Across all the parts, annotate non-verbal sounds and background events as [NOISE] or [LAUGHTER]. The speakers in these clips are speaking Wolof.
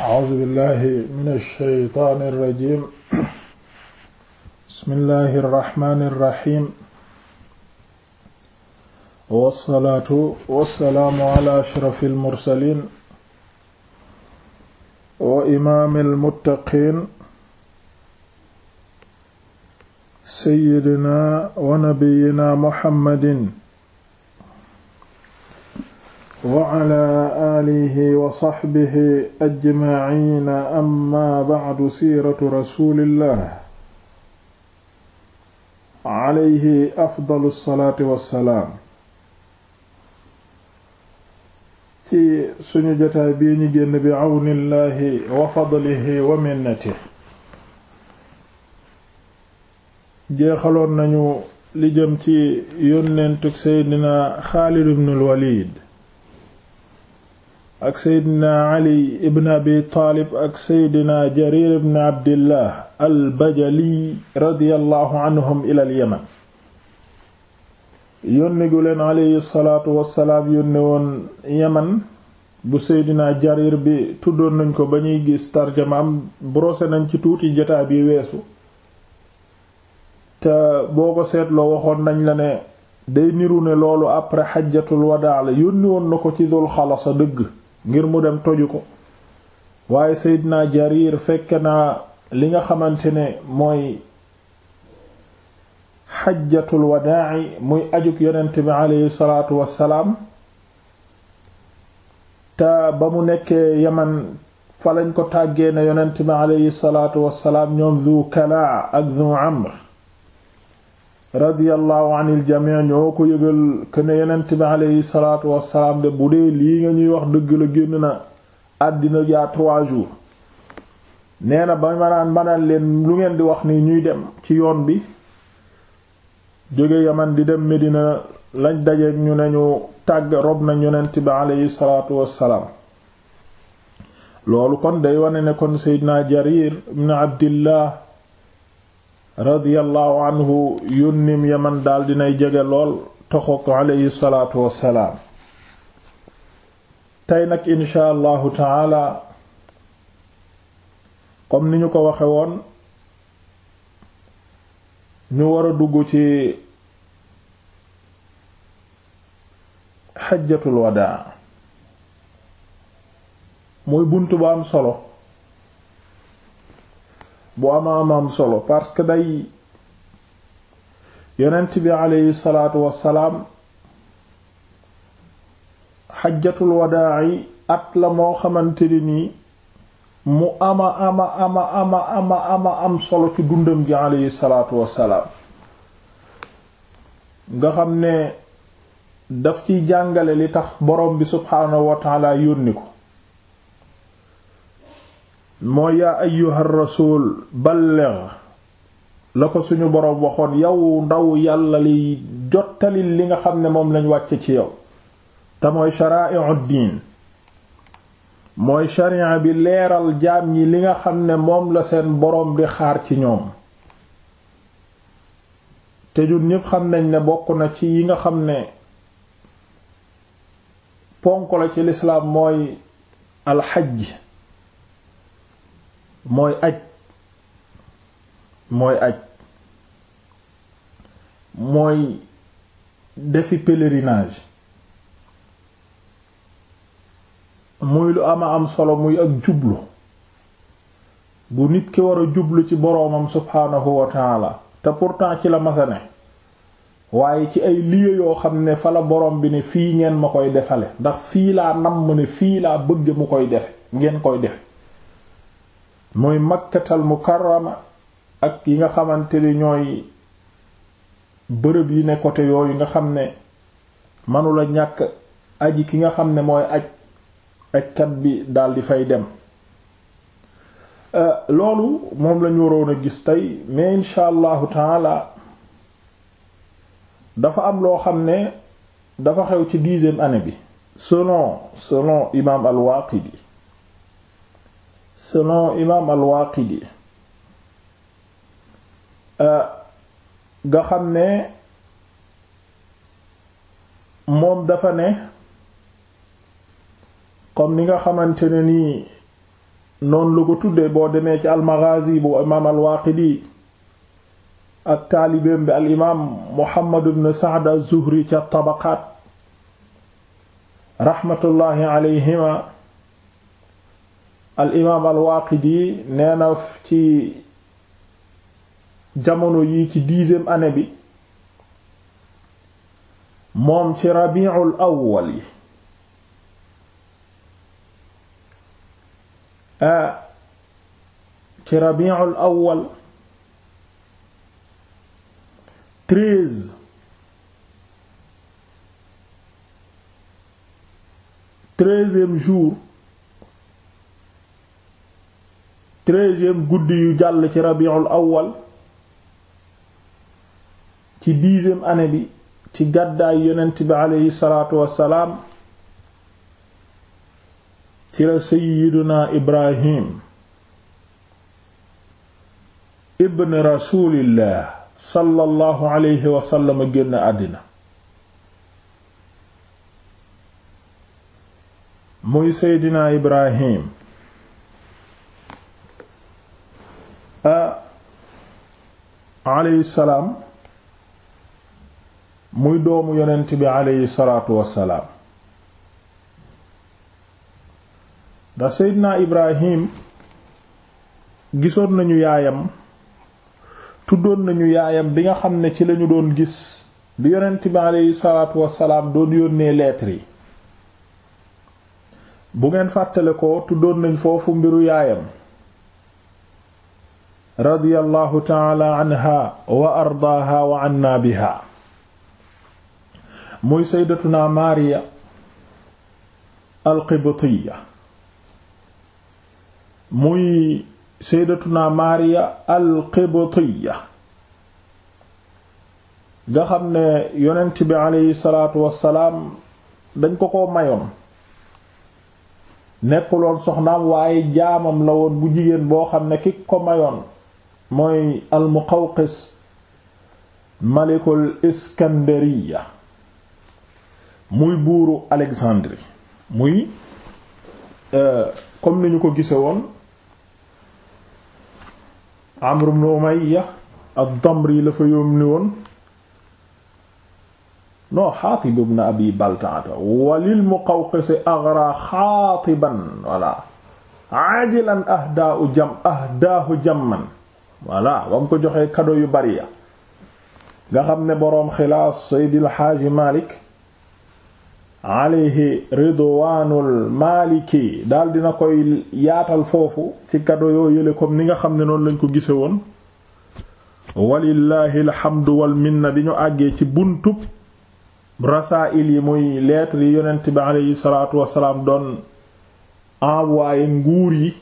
A'uuzu billahi mina shaytaani rajiim. Bismillahi rahmaani rahiim. Wassalaatu wassalaamu alaa ashrafil mursaliin. Wa imaamil muttaqiin. Sayyidinaa wa nabiyyinaa Muhammadin. wa cala aalihi wa saxbihi ajmaciina amma bacdu siiratu rasuulillah alayhi afdalu salaatu wa salaam. ci suñu jotaay bii ñu génn bi cawnillahi wa fadlihi wa minnatihi. jeexaloon nañu li jëm ci yónnentug seydina Xaalid ibnul Waliid ak seydina ali ibn abi taalib ak seydina jarir ibn abdillah albajali radiallahu anhum ila alyaman yónni gu leen aleyhi salaatu wasalaam yónne woon yaman bu seydina jarir bi tuddoon nañ ko ba ñuy gis tarjamaam brosé nañ ci tuuti jotaay bi weesu te boo seetloo waxoon nañ la ne day niru ne loolu après xajjatul wadaa la yónni woon na ko ci dul xalasa dëgg ngir mu dem toju ko waaye Seydina Jarir fekke naa li nga xamante ne mooy xajjatul wadaa'i muy ajug yonent bi aleyhi salaatu wassalaam te ba mu nekkee Yaman falañ ko tàggee na yonent bi aleyhi salaatu wassalaam ñoom zu kalaa ak zu amr radiyallahu anil jamii ñoo ko yëgal que ne yonent bi aleyhi salaatu wassalaam de bu dee lii nga ñuy wax dëgg la génn na àddina yaa trois jours nee na ba ma manaan leen lu ngeen di wax ni ñuy dem ci yoon bi jóge yaman di dem Medina lañ dajeeg ñu ne ñu tàgg rob na yonent bi aleyhi salaatu wassalaam loolu kon day wane ne kon Seydina Jarir ibn Abdillah radiyallahu anhu yónnim yaman daal dinay jege lool toxook aleyhi salaatu wassalaam tey nag insha allahu taala comme ni ñu ko waxe woon ñu war dugg ci xajjatul wadaa muy bunt ba am solo bu ama amaam solo parce que day yonent bi aleyhi salaatu wassalaam xajjatul wadaa'i at la moo xamante ne nii mu ama ama ama ama ama am solo ci dundam gi aleyhi salaatu wassalaam nga xam ne daf ciy jàngale li tax borom bi subhaanahu wa taala yónni ko mooy yaa ayyuha rasul balligh la ko suñu boroom waxoon yow ndaw yàlla li jottali li nga xam ne moom lañ wàcce ci yow te mooy shara'i'u mooy sharia bi leeral jaam yi li nga xam ne moom la seen boroom di xaar ci ñoom te ñun ñépp xam nañ ne bokk na ci yi nga xam ne ponk la ci lislaam mooy alxaj mooy aj mooy aj mooy defi pelerinage muy lu ama am solo muy ak jublu bu nit ki war jublu ci boroomam subhaanahu wa taala te pourtant ci la masa ne waaye ci ay lieu yoo xam ne fala borom bi ne fii ngeen ma koy defale ndax fii laa nam ne fii laa bëgg mu koy defe ngeen koy defe mooy makkatal mukarrama ak yi nga xamante ni ñooy bërëb yi ne côté yooyu nga xam ne manula ñàkk aji ki nga xam ne mooy aj ajkat bi di fay dem euh, loolu moom lañu waroon a gis tey mais insha allahu taala dafa am loo xam ne dafa xew ci dixième année bi selon selon imaam al-Waaqidi selon imaam al-Waaqidi euh, nga xam ne moom dafa ne kon ni nga xamante ne nii noon lu ko tuddee boo demee ci al bu imaam al-Waaqidi ak taalibeem bi al imaam Muhammad ibn Sa'd az-Zuhri ca Tabaqaat raxmatullaahi alayhima al imaam al nee na ci jamono yi ci dixième année bi moom ci rabiul awwal yi ci rabiul awwal treize treizième jour treizième guddi yu jàll ci rabiul awwal ci dixième année bi ci gàddaay yonent bi aleyhi salaatu wassalaam ci la seyyiduna ibrahim ibn rasulillah sallallahu alayhi wasallam génn àddina muy seydina ibrahim alayhi salaam muy doomu yonent bi alayhi salaatu wassalaam da seydina ibrahim gisoon nañu yaayam tuddoon nañu yaayam bi nga xam ne ci lañu doon gis bi yonent bi alayhi salaatu wassalaam doon yónnee lettre yi bu ngeen fàttale ko tuddoon nañ foofu mbiru yaayam radiyallahu taala anha wa ardaaha wa anna biha muy saydatuna maariya alqibtiya muy saydatuna maariya alqibtiya nga xam ne yonent bi aleyhi salaatu wassalaam dañ ko ko mayoon nekkuloon soxnaam waaye jaamam la woon bu jigéen boo xam ne ki ko mayoon mooy al-Muqawqis malikul Iskandariya muy buuru Alexandrie muy euh, comme ni ñu ko gise woon Amr ibn Umayya ad-Damri la fa yóom ni woon non Xaatib ibn Abi Baltaata walil Muqawqis aghra xaatiban wala ajilan ahdaahu jam ahdaahu jamman voilà ba mu ko joxee kado yu bari ya nga xam ne boroom xilaas Seydil Xaaji Malik alayhi ridwaanul maliki daal dina koy yaatal foofu ci kado yoo yële comme ni nga xam ne noonu lañ ko gise woon walillahi alhamdu wal minna bi ñu àggee ci buntub rasaa'il yi muy lettre yi yonent bi aleyhi salaatu wasalaam doon envoyé nguur yi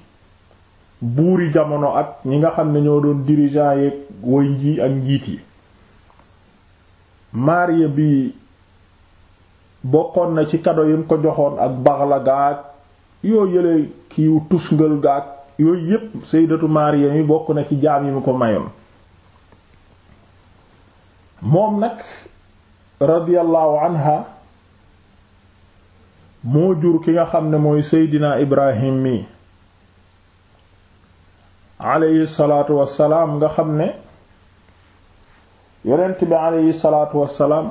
buuri jamono ak ñi nga xam ne ñoo doon dirigeant yeeg woy nji ak njiit yi maariya bi bokkoon na ci kado yim ko joxoon ak baxla gaag yoo yële kiiw tusngal gaag yooyu yépp sëydatu maariya mi bokk na ci jaam yi mu ko mayoon moom nag radiyallahu anha moo jur ki nga xam ne mooy seydina ibrahim mii alayhi salaatu wassalaam nga xam ne yonent bi alayhi salaatu wassalaam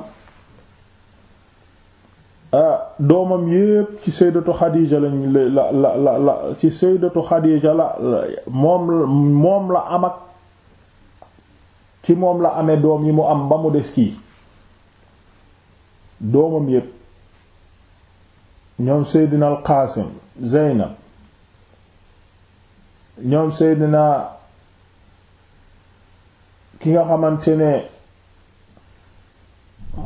doomam yépp ci sayyidatu Xadiija la la la la ci sayyidatu Xadiija la moom la am ak ci moom la amee doom yi mu am ba mu des kii doomam yépp ñoom Seydina al Qaasim Zeynab ñoom Seydina ki nga xamante ne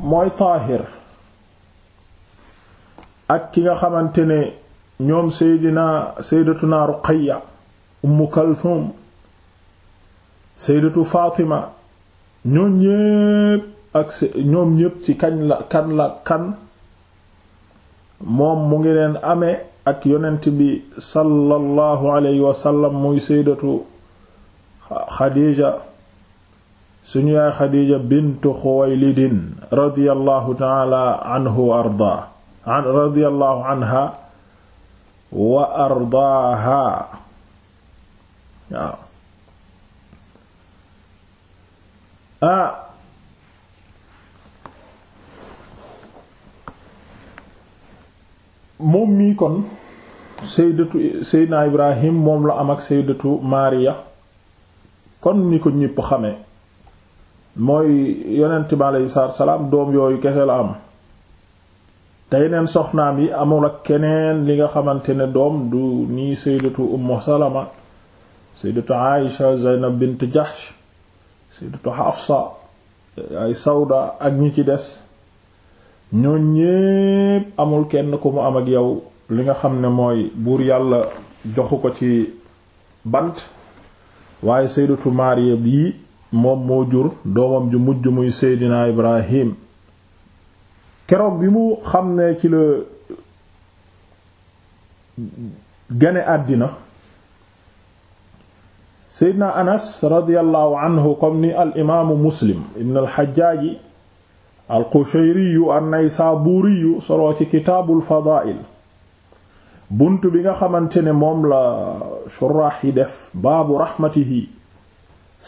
mooy Taahir ak ki nga xamante ne ñoom Seydina Seydatuna Ruqayya Ummu Kalthum Seydatu Fatima ñoom ñépp ak ñoom ñépp ci kañ la kan la kan moom mu ngi leen ame ak yonent bi sallallahu alayhi wasallam muy saydatu xadiija suñu yaay xadiija bintu xuwaylidin radiyallahu taala anhu wa ardaa radiyallahu anha wa ardaaha waaw ah, moom mii kon sayyidatu sayyidina ibrahim moom la am ak sayyidatu maariya kon ni ko ñépp xame mooy yonent bi aleyhi salaam doom yooyu kese la am tey yeneen soxnaam yi amul ak keneen li nga xamante ne doom du nii sayyidatu ummu salama sayyidatu aisha zaynab bint jahsh sayyidatu hafsa ay sawda ak ñi ci des ñoo ñépp amul kenn ku mu am ak yow li nga xam ne mooy buur yàlla joxu ko ci bant waaye sayyidatu Maariya bii moom moo jur doomam ju mujj muy Seydina Ibrahim keroog bi mu xam ne ci gene àddina Seydina Anas radiyallahu anhu comme ni al imaamu Muslim ibn al Hajjaaji alqushayriyu an-naysaburiyu soloo ci kitaabul fadaa'il bunt bi nga xamante ne moom la shuraax yi def baabu raxmatihi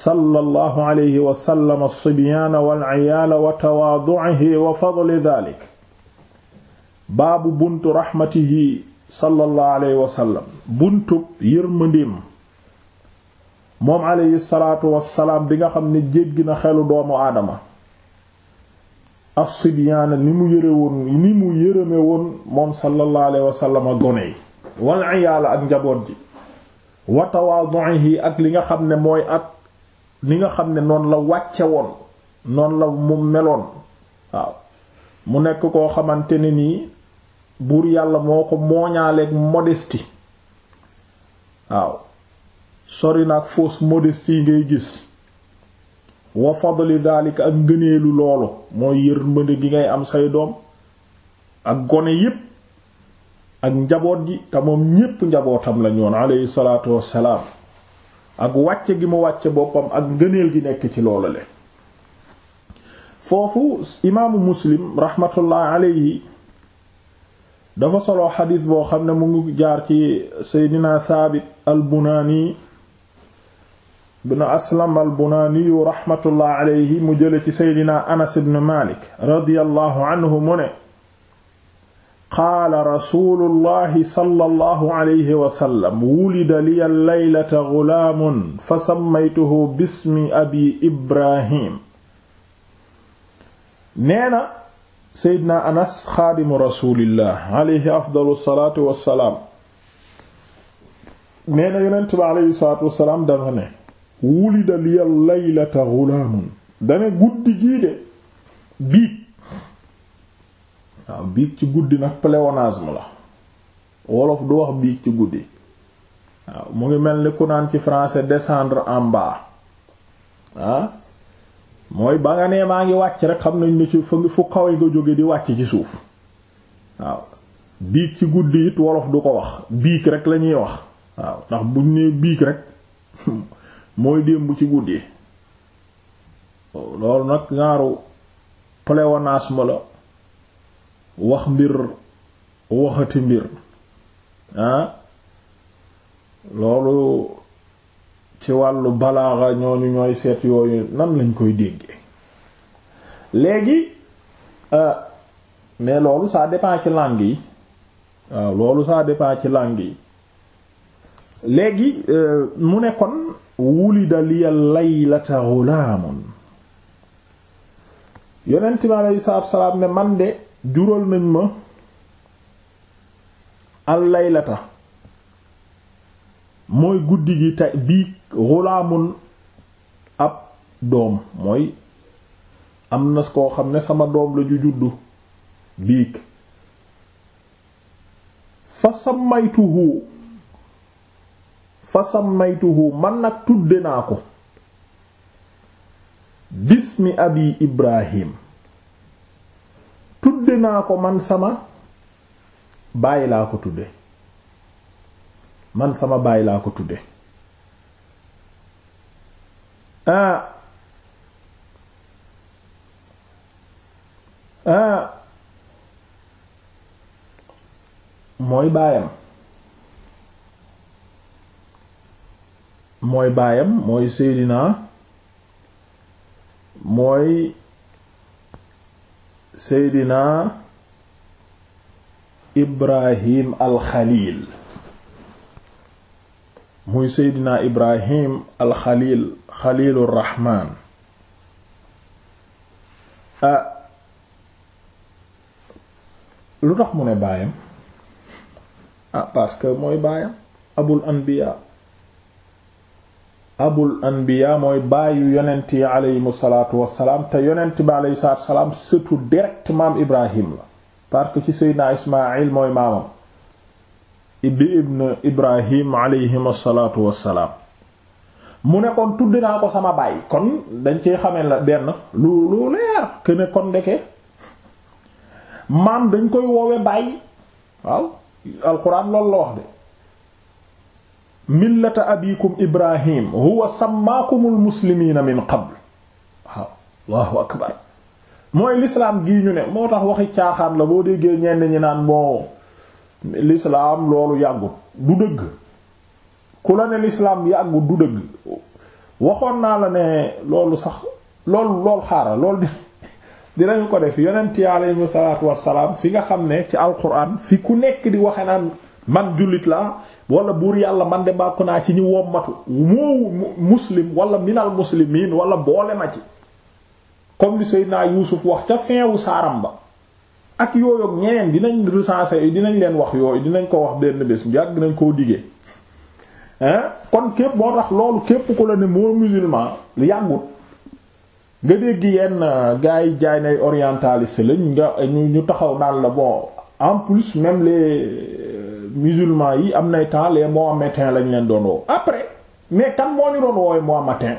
sallallahu alayhi wa sallam as-sibyaana wal ciyaala wa tawaaducihi wa fadli daalik baabu buntu raxmatihi sallallahu alayhi wa sallam buntu yërmandeem moom alayhi salaatu wa salaam bi nga xam ne jéggi na xelu doomu aadama as-sibyaana ni mu yëre woon ni mu yërëme woon moom sallallahu alayhi gone yi wal iyaala ak njaboot ji wa yi ak li nga xam ne mooy ak li nga xam ne noon la wàcce woon noonu la mu meloon waaw mu nekk koo xamante ne nii buur yàlla moo ko mooñaaleeg modestie waaw sori na ak fausse modestie ngay gis wa fadli daalika ak ngëneelu loolu mooy yërmande gi ngay am say doom ak gone yépp ak njaboot gi te moom ñépp njabootam la ñoon alayhi salaatu wassalaam ak wàcce gi mu wàcce boppam ak ngëneel gi nekk ci loolu le foofu imaamu muslim rahmatullah alayhi dafa solo xadiis boo xam ne mu ngi jaar ci seydina thaabit al ibn aslam albunaaniyu raxmatullah aleyhi mu jële ci seydina anas ibn malik radiyallahu anhu mu ne qaala rasulullahi sallallahu alayhi wa sallam wulida liya laylata gulaamun fa sammaytuhu bismi abi ibrahim nee na seydina anas xaadimu rasulillah alayhi afdalu salaatu wassalaam nee na yonent bi alayhi salaatu wassalaam dafa ne wulida liya laylata ghulaamun dane guddi gii de biig waaw biig ci guddi nag pléonasme la wolof du wax biig ci guddi waaw mu ngi mel ni ku naan ci français descendre en bas ah? mooy ba nga nee maa ngi wàcc rek xam nañ ne ci fu kawe nga jóge di wàcc ci suuf waaw biig ci guddi it wolof du ko wax biig rek lañuy wax waaw ndax buñ nee biig rek [LAUGHS] mooy démb ci guddi loolu nag ñaaru pléonasme la wax mbir waxati mbir ah? loolu ci wàllu balaaxa ñooñu ñooy seet yooyu nan lañ koy déggee léegi ah, mais loolu ça dépend ci langue yi waaw ah, loolu ça dépend ci langue yi léegi euh, mu ne kon wulida liya laylata ghulaamun yonent bi aleyhi salaatu salaam ne man de jural ma al laylata mooy guddi gi tey bii ghulaamun ab doom mooy am na koo xam ne sama doom la ju juddu biig fa sammaytuhu fa sammaytuhu man nag tudde naa ko bismi abi ibrahim tudde naa ko man sama bàyyi laa ko tudde man sama bàyyi laa ko tudde ah ah mooy baayam mooy baayam mooy seydina mooy seydina ibrahim alxalil muy seydina ibrahim alxalil xalilu rahmaan ah lu tax mu ne baayam ah parce que mooy baayam abul anbiya abul anbiya mooy baayu yonent yi aleyhimu salaatu salaam te yonent bi aleyhi salaatu salaam sëtu direct maam ibrahim la parce que ci seydina ismail mooy maamam ibbi ibn ibrahim aleyhim salaatu wassalaam mu nekkoon kon naa ko sama baay kon dañ ci xamee la benn lu lu leer que kon ndeke maam dañ koy woowe baay waaw alxuraan loolu la wax de millata abikum ibrahim huwa sammaakumul muslimiina min qabl waaw allahu akbar mooy lislaam gii ñu ne moo tax waxi caaxaan la boo déggee ñenn ñi naan moo lislaam loolu yàggut du dëgg ku la ne lislaam yàggut du dëgg waxoon naa la ne loolu sax lool loolu xaaral loolu di [LAUGHS] dinañu ko def yonent yi aleyhimu salaatu wassalaam fi nga xam ne ci alquran fi ku nekk di waxe naan man jullit la wala buur yàlla man de bàkku naa ci ñu wommatu moo muslim wala minal muslimiin wala boole ma ci comme li Seydina Yuusuf wax ca feewu saaram ba ak yooyu ak ñeneen dinañ recenser i dinañ leen wax yooyu dinañ ko wax benn bés yàgg nañ koo diggee kon képp boo tax loolu képp ku la ne moo musulman yàggut nga dégg yenn euh, gars yi jaay nay orientaliste lañ nga ñu taxaw naan la bon en plus même les euh, musulman yi am nay temps les mahométains lañ leen doon woo après mais tan moo ñu doon woowee mahométain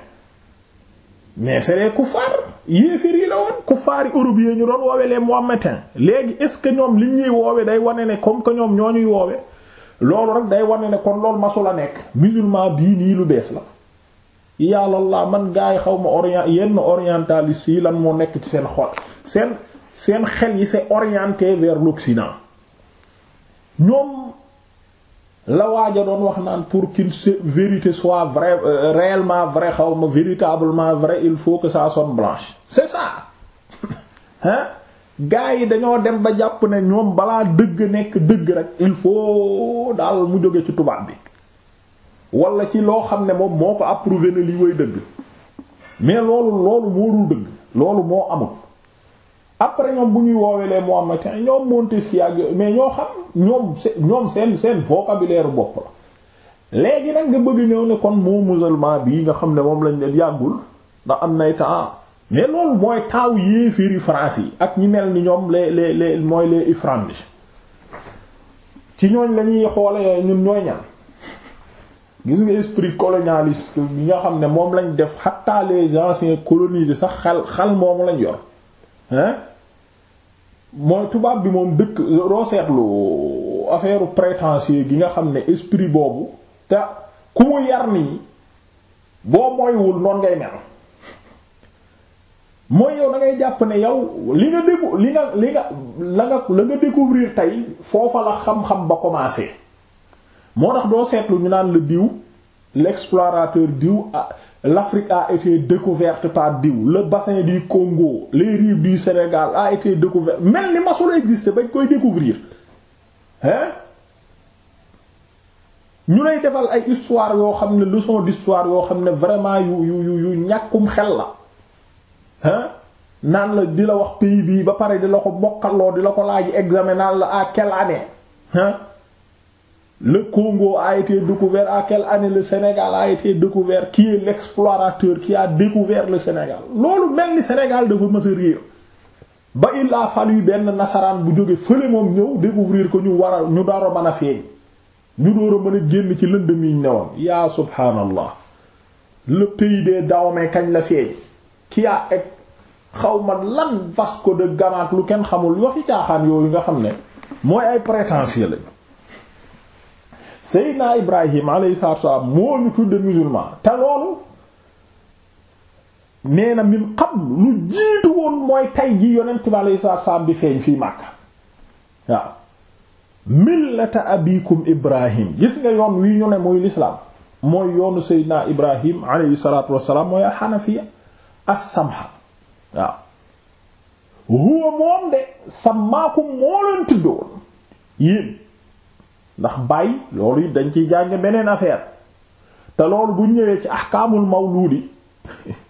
mais c'est les kufaar yéefir yi la woon kufaar Europe yi ñu doon leen les mahométains léegi est-ce que ñoom li ñuy woowee day wane ne comme que ñoom ñoo ñuy woowee loolu rek day wane ne kon loolu masul a nekk musulman bii nii lu bees la. yàlla la man gars yi xaw ma orient yenn orientalistes yi lan moo nekk ci seen xol seen seen xel yi c'est orienté vers l'Occident la waaja doon wax naan pour qu'une vérité soit vraie euh, réellement vraie xaw ma véritablement vrai il faut que ça sonne blanche c'est ça [LAUGHS] hein gaa yi dañoo dem ba jàpp ne ñoom balaa dëgg nekk dëgg rek il faut daal mu jóge ci tubaab bi wala ci loo xam ne moom moo ko approuvé na lii way dëgg mais loolu loolu moo dul dëgg loolu moo amul après ñoom bu ñuy woowee les Mohammadiens ñoom Montesquieu ak mais ñoo xam ñoom ñoom seen seen vocabulaire bopp la léegi nag nga bëgg ñëw ne kon moo musulman bii nga xam ne moom lañ leen yàggul ndax am nay temps mais loolu mooy taaw yéefiri France yi ak ñi mel ni ñoom les les les mooy les ifranges ci ñooñ la ñuy xoole ñun ñooy ñan gis nga esprit colonialiste bi nga xam ne moom lañ def xataa les anciens colonisés sax xal xal moomu lañu yor hein mooy tubaab bi moom dëkk loo seetlu affaire prétencier gi nga xam ne esprit boobu te ku mu yar nii boo mooywul noon ngay mel mooy yow da jàpp ne yow li nga la nga la découvrir tey foofa la xam-xam ba commencé moo tax doo seetlu ñu naan la diw l'explorateur diw ah l'Afrique a été découverte par diw la bassin du Congo les rives du Sénégal a été découverte mel ni masul exister bañ koy découvrir hein ñu lay defal ay histoire yoo xam ne leçon d'histoire yoo xam ne vraiment yu yu yu ñàkkum xel la hein naan la di la wax pays bii ba pare di la ko mokkaloo di la ko laaj examen naan la à quelle le kongo a été découvert à quelle année le Sénégal a été découvert qui est l'explorateur qui a le Sénégal loolu mel ni Sénégal dafa mës réer ba il a fallu benn nasaraan bu jóge fële moom ñëw découvrir ko ñu war a ñu door a mën a feeñ ñu door a mën a génn ci lëndëm yi newoon yaa subhaanallah le pays des Dahomey kañ la feeñ ki a ek xaw ma lan Vasco de Gama lu kenn xamul waxi caaxaan yooyu nga xam ne mooy ay prétentieux lañ Seydina Ibrahim alayhi salaatu wa salaam moo ñu tudde musulman te loolu nee na min qabl lu jiitu woon mooy tay ji yonent bi feeñ fii Makka waaw abikum Ibrahim gis nga yoon wi ñu ne muy lislaam mooy yoonu Seydina Ibrahim mooy alxanafiya as huwa moom de samaakum moo leen tudde woon yéen ndax bàyyi loolu it dañ ciy jàng beneen affaire te loolu bu ñëwee ci ahkaamul mawludi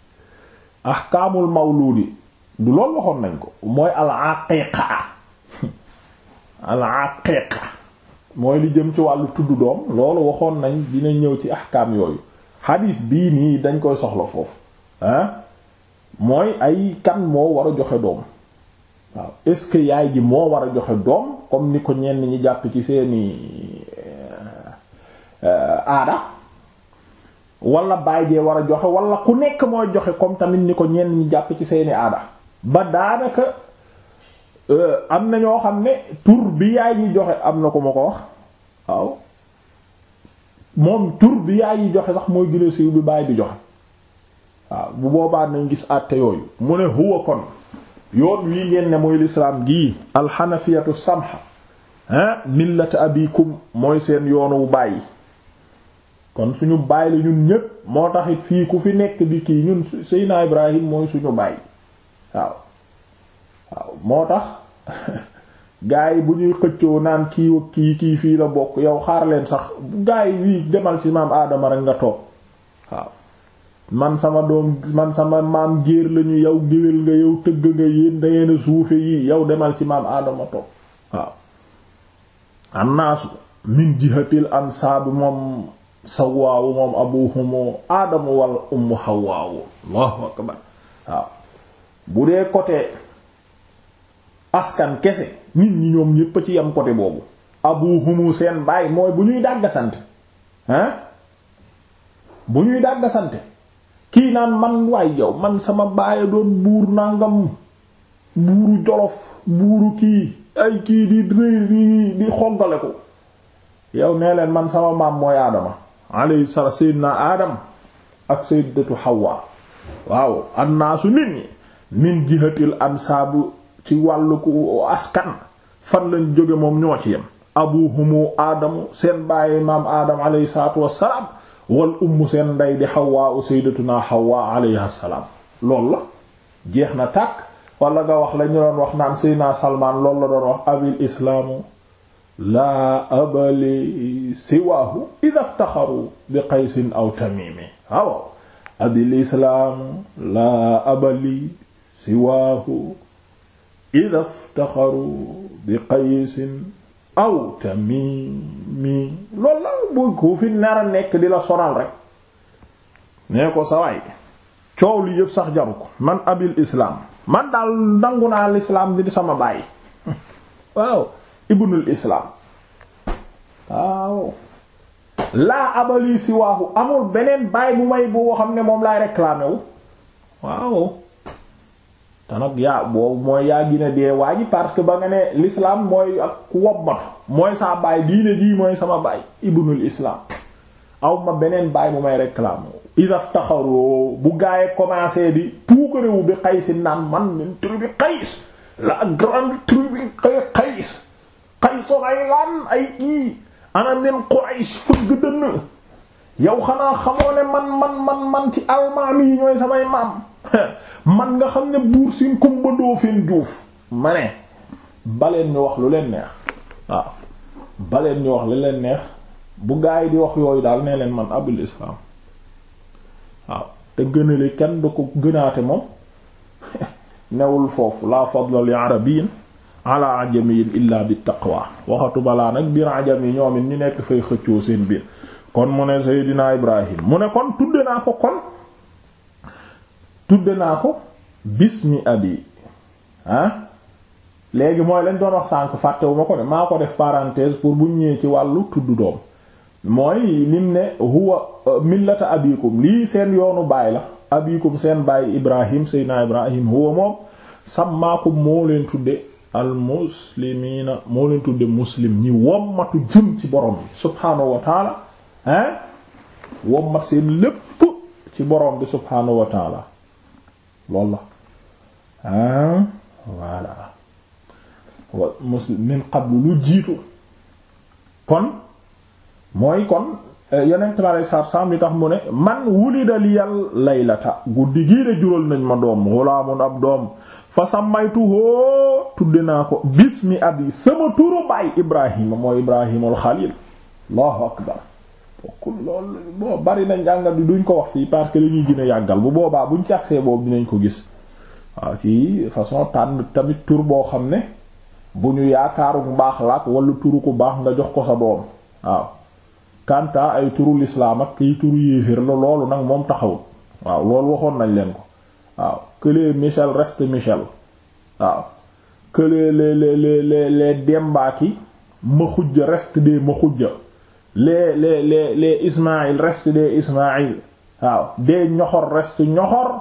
[LAUGHS] ahkaamul mawludi du lool waxoon nañ ko mooy al aqiqa [LAUGHS] al mooy li jëm ci wàllu tudd doom loolu waxoon nañ dina ñëw ci ahkaam yooyu hadith bii nii dañ koy soxla foofu ah mooy ay kan moo war a joxe doom waaw est-ce que yaay ji moo war a joxe doom comme ni ko ñenn ñi jàpp ci seeni eh, eh, aada wala baay jee war a joxe wala ku nekk mooy joxe comme tamit ni ko ñenn ñi jàpp ci seeni aada ba daanaka eh, am na ñoo xam ne tur bi yaay ji joxe am na ko ma ko wax waaw moom tur bi yaay ji joxe sax mooy gën a siiw bi baay bi joxe waaw bu boobaa nañ gis àtte yooyu mu ne huwa kon yoon wii ngeen ne mooy lislaam gii alxanafiyatu samha ah millata abikum mooy seen yoonu bàyyi kon suñu bàyyi la ñun ñépp moo taxit fii ku fi nekk di kii ñun Seydina Ibrahim mooy suñu bàyyi waaw waaw moo tax [LAUGHS] gaa yi bu ñuy xëccoo naan kii kii kii fii la bokk yow xaar leen sax gaay yi wii demal ci maam aadama rek nga toog man sama doom man sama maam géer lañu yow géwél nga yow tëgg nga yéen dangeen suufe yi yow demal ci maam aadama toog waaw annaasu min jihatil ansaabi moom sawaawu moom abuhumu aadamu wal ummu hawaawu allahu akbar bu dee côté askan kese nit ñi ñoom ñépp a ci yam côté boobu abuhumu seen baay mooy bu ñuy dàggasante hein bu ñuy dàggasante kii naan man waay yow man sama baay doon buur nàngam buuru jolof buuru kii ay kii di di di xoggale ko yow nee leen man sama maam mooy aadama alayhi salaam sayyidina aadam ak sayyidatu Hawa waaw annaasu nit ñi min jihatil ansaabu ci wàllu ku askan fan lañ jóge moom ñoo ci yem abuhumu aadamu seen bàyyi maam aadam alayhi salaatu wassalaam wal ummu seen ndey di Xawwa u sayyidatuna Xawwa alayha salaam loolu la jeex na tàkk wala nga wax la ñu doon wax naan Seydina Salmaan loolu la doon wax abil islaamu laa abali siwaahu idha iftakharu bi qaysin aw tamimi ah, waaw abil islaamu laa abali siwaahu idha iftakharu bi qaysin aw tamim mi loolu la bu ko fi nara nekk di la sonal rek nee ko sa waay coow li yëpp sax jaru ko man abil islaam man daal nangu naa lislaam di sama bàyyi [LAUGHS] waaw ibnul islaam waaw laa abali si waaxu amul beneen bàyyi bu may boo xam ne moom laay réclamé waaw te nag yaa boobu mooy yaa gine dee waa parce que ba nga ne lislaam mooy ak wommatu mooy saa baay diine jii mooy sama baay ibnul islam aw ma beneen baay bu may réclamer idaf taxaroo bu gaayee commencé di puukarewu bi xaysi naan man min tribu xays la grande tribu xays xaysoon ay laan ay ii ana min Quraysh fëgg dënn yow xanaa xamoo ne man man man man ci almaami yi ñooy samay maam [LAUGHS] man nga xam ne buur siin kumba doofin juuf ma ne baleen ñu wax lu leen neex waaw baleen ñu wax lu leen neex bu gaa yi di wax yooyu daal nee leen man abul islaam waaw te gënale kenn du ko gënaate moom [LAUGHS] newul foofu laa fadla li arabiyin ala ajamiyin illa bi taqwa waxatu balaa nag biir ajam yi ñoom it ñu nekk fay xëccoo seen biir kon mu ne seydinaa ibrahim mu ne kon tudde naa ko kon tudde naa ko bismi abi ah léegi mooy lañ doon wax sànk fàttewu ma ko de maa ko def parenthèse pour bu ñëwee ci wàllu tudd doom mooy lim ne huwa euh, millata abikum lii seen yoonu baay la abikum seen baay ibrahim seydina ibrahim huwa moom sàmmaakum moo leen tudde al muslimiina moo leen tudde muslim ñi wommatu jëm ci borom bi subhaanahu wa hein wommat seen lépp ci borom bi subhaanahu wa loolu la ah voilà muslim min qablu lu jiitu kon mooy kon eh, yonent ma lay saar saam li tax mu ne man wulida liyal laylata guddi gii de jural nañ ma doom xulaamun ab doom fa sammaytuhoo tudde naa ko bismi abi sama turu baay ibrahima mooy ibrahimul xalil allahu akbar bokkul loolu boo bari na njàngat bi duñ ko wax fii parce que dañuy gën a yàggal bu boobaa buñ cagsee boobu nañ ko gis waaw ci façon tànn tamit tur boo xam ne bu ñu yaakaaru baax laak wala turu ku baax nga jox ko sa doom waaw kanta ay turu lislaam ak kii turu yéeféer la loolu nag moom taxawut waaw loolu waxoon nañ leen ko waaw que les Michel reste Michel waaw que les les les dembaaki ma xujja reste des ma xujja les les les les Ismaïl reste des Ismaïl waaw des ñoxor reste ñoxor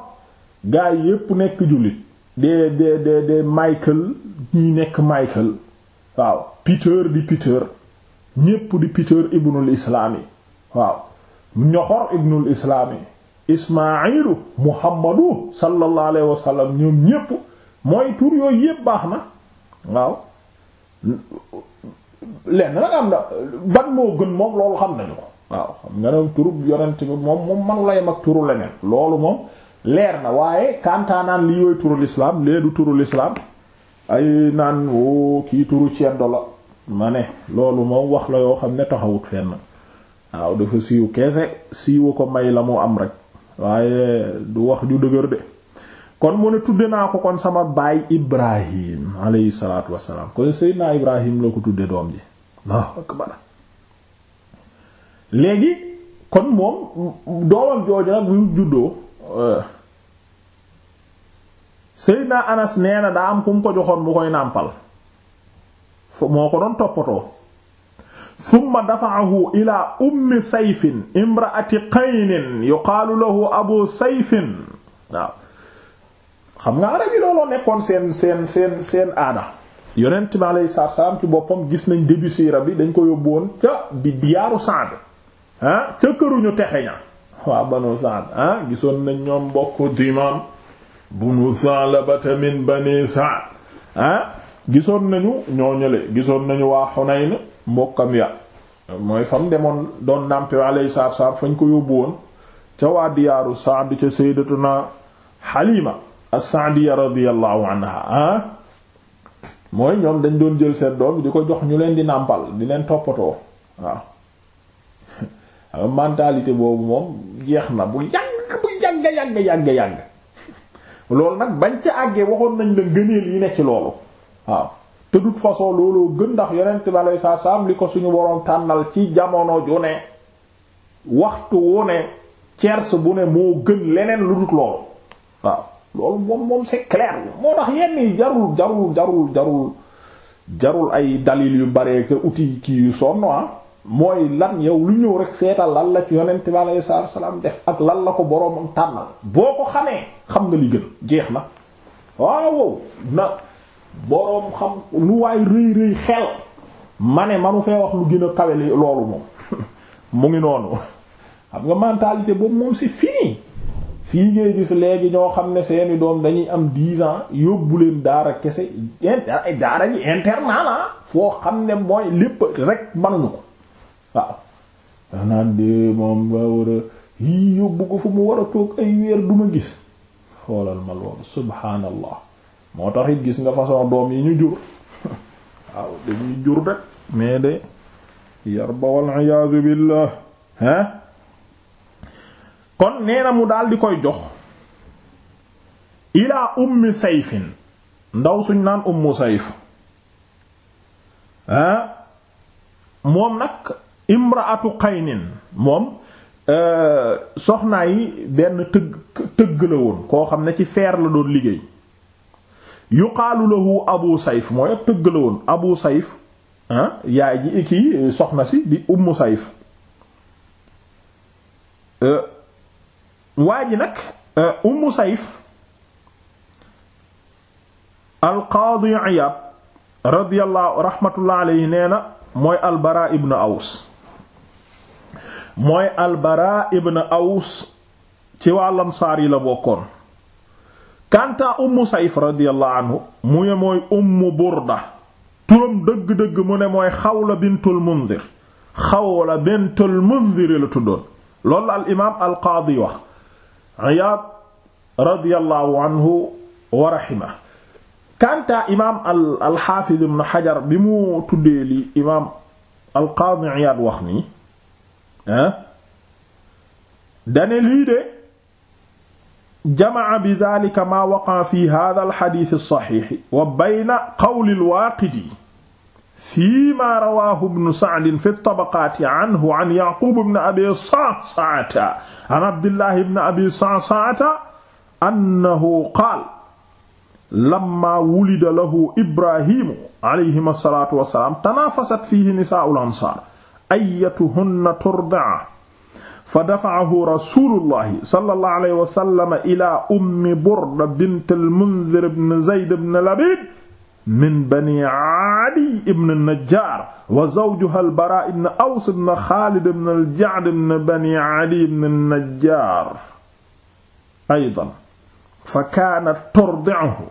gars yépp nekk jullit des des des des Michael nekk Michael waaw Peter di Peter ñépp di Peter ibnul islaami waaw ñoxor ibnul islaami Ismailu Muhammadu sallallahu alayhi wa ñoom ñépp mooy tur yooyu yépp baax na waaw lenn nag am na ban moo gën moom loolu xam nañu ko waaw nga ne turu yonent bi moom moom manu la yem ak turu leneen loolu moom leer na waaye kantaanaan li yooyu turu lislaam lee du turu lislaam ay naan woo kii turu ceddo la ma ne loolu moom wax la yoo xam ne taxawut fenn waaw dafa siiw keese siiwu ko may la mu am rek waaye du wax du dëgër de kon mu ne tudde naa ko kon sama baay ibrahim alayhi salaatu wassalaam kon seydinaa ibrahim la ko tudde doom ji léegi kon moom doomam jooju nag bi juddoo euh, seydinaa anas nee na daa am ku mu ko joxoon mu koy nàmpal fu moo ko doon toppatoo summa dafa'ahu ila ummi sayfin imraati qaynin yuqaalu lahu abu sayfin waaw xam nga arab looloo nekkoon seen seen seen seen aada yonent bi alayhi salaatu salaam ci boppam gis nañ début bi dañ ko yóbbu woon ca di diyaaru Saad ah ca këruñu texe ña waa banu ah, gisoon nañ ñoom mbokk Dimaam bunu Salabata min bani Saad ah gisoon nañu ñoo ñële gisoon nañu waa Hunayn mbokkam ya mooy fam demoon doon nàmpe alayhi salaatu salaam fañ ko yóbbu woon ca waa diyaaru Saad ca sayyidatuna Halima as-Sa'diyya radiyallahu anha ah mooy ñoom dañ doon jël seen doom di ko jox ñu leen di nàmpal di leen toppatoo waaw mentalité boobu moom jeex na bu yàgg bu yàgg yàgg yàgg loolu nag bañ ca àggee waxoon nañ la ngëneel yi ne ci loolu waaw te toute façon looloo gën ndax yonent bi aleyhi salaatu salaam li ko suñu boroom tànnal ci jamono ju ne waxtu wu ne cerse bu ne moo gën leneen lu dut loolu waaw loolu moom moom c'est clair moo tax yenn yi jarul jarul jarul jarul jarul ay dalil yu bare que outil kii yu sonn ah mooy lan yow lu ñëw rek seetal lan la ci yonent bi alayhi salaam def ak lan la ko boroomam tànnal boo ko xamee xam nga li gën jeex na waaw na boroom xam lu waay rëy rëy xel ma ne manu fee wax lu gën a kawe loolu moom [LAUGHS] mu ngi noonu [LAUGHS] xam nga mentalité boobu moom c'est fini fii ngay gis léegi ñoo xam ne seeni doom dañuy am dix ans yóbbu leen daara kese daara ji internat foo xam ne mooy lépp rek mënuñu ko waaw danaan de moom ba war a yii yóbbu ko fu mu war a toog ay weer du ma gis xoolal ma loolu subhaanallah moo tax gis nga façon doom yi ñu jur [LAUGHS] waaw dañuy jur rek mais de yar ba wal iyaazu billah hein kon nee mu daal di koy jox ilaa ummi sayfin ndaw suñ naan ummu sayf ah moom nag imraatu qaynin moom e, soxnaa yi benn tëgg tëgg la woon koo xam ne ci feer la doon liggéey yuqaalu lahu abu sayf mooy ab tëgg la woon abu sayf ah yaay ji kii soxna si di ummu sayf e, waa ji nag euh, Ummu Sayf al-Qaadi Iyaad radiyallahu rahmatullahi alayhi nee na mooy al-Baraa mooy al ibn Aws ci waa Ansaar yi la bokkoon kanta Ummu Sayf radiyallahu anhu mu ne mooy Burda turam dëgg-dëgg mu ne mooy Xawla bintul Mundir Xawla bintul Mundir la tuddoon loolu al imaam al-Qaadi wax Iyaad radiyallahu anhu wa rahima kanta imaam al alxaafiz ibn Hajar bi mu tuddee li imaam alqaadi Iyaad wax nii ah dane lii de jamaa bi daalika maa waqaa fi haadal xadiis saxiix wa bayna qawli al Waaqidi fiima rawaahu bnu sa'd fi tabaqaati anhu an yaqub bni abi sa'sa'ata an abdillahi bni abi sa'sa'ata annahu qaala lamma wulida lahu ibrahimu alayhim asalaatu wasalaam tanaafasat fiihi nisaa'ul ansaar ayyatuhunna turdi'uhu fa dafa'ahu rasuulullahi sallallahu alayhi wa sallam ilaa ummi burda bintil munzir bni zayd bni labiid min bani Adi ibn Najjar wa zawjuha al-Bara ibn Aws ibn Khalid ibn al-Ja'd ibn bani Adi ibn Najjar aydan fa kaanat turdi'uhu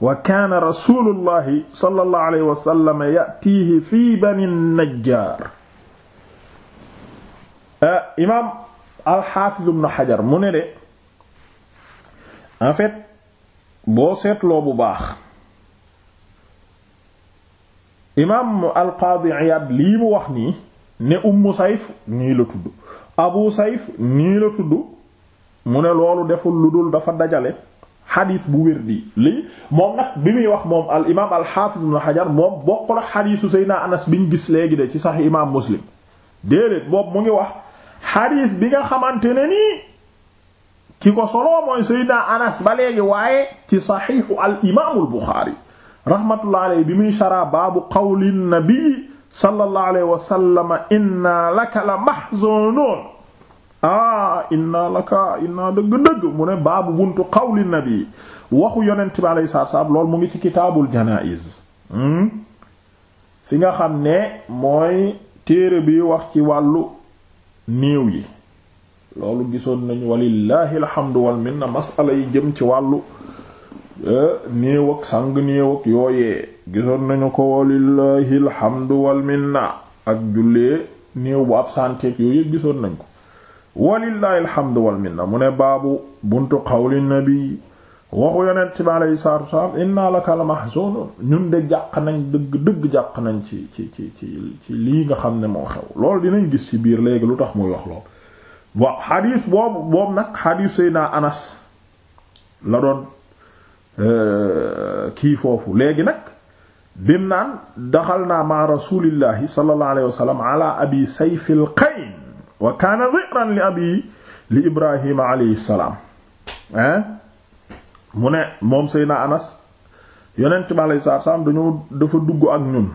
wa kaana rasuulullahi sallallahu alayhi wa sallam ya'tiihi fii bani Najjar ah, imaam al-Haafiz ibn Hajar mu ne de en fait boo seetloo bu baax imaam alqaadi Iyaad lii mu wax nii ne ummu sayf nii la tudd abu sayf nii la tudd mu ne loolu deful lu dul dafa dajale xadiis bu wér di lii moom nag bi muy wax moom al imaam alxaafis ibn xajar moom bokkul ak xadiisu sayna anas biñ gis léegi de ci sax imaam muslim déedéet boobu mu ngi wax xadiis bi nga xamante ne nii ki ko solo mooy sayna anas ba léegi waaye ci saxiixu al imaamul buxaari rahmatullahi alayhi bi muy shara baabu qawli nabi sallallahu alayhi wa sallam inna laka la mahzunun ah inna laka inna dëgg-dëgg mu ne baabu buntu qawli nabi waxu yonent bi alayhi salaatu salaam loolu mu ngi ci kitaabul janaa'iz hmm? fi nga xam ne mooy téere bi wax ci wàllu néew yi loolu gisoon nañu walillahi alhamdu wal minna masala yi jëm ci wàllu Euh, néew ak sang néew ak yooyee gisoon nañu ko walillahi alhamdu wal minna ak jullee néew bu absenteek yooyu yëpp gisoon nañ ko walillahi alhamdu wal mu ne baabu buntu xawli nabi waxu yonent bi alayhi salaatu wasalaam inna laka la mahzunun ñun de jàq nañ dëgg dëgg jàq nañ ci ci ci ci ci lii nga xam ne moo xew loolu dinañ gis ci biir léegi lu tax muy wax lool waaw xadiis boobu boobu nag xadiis Seydina Anas la doon Euh, kii foofu léegi nag bim naan daxal naa ma rasulillahi sallallahu alayhi wa sallam ala abi sayfil qayn wa kaana dhi'ran li abi li ibrahima alayhi salaam mu ne moom Seydina Anas yonent bi alayhi salaam dañu dafa dugg ak ñun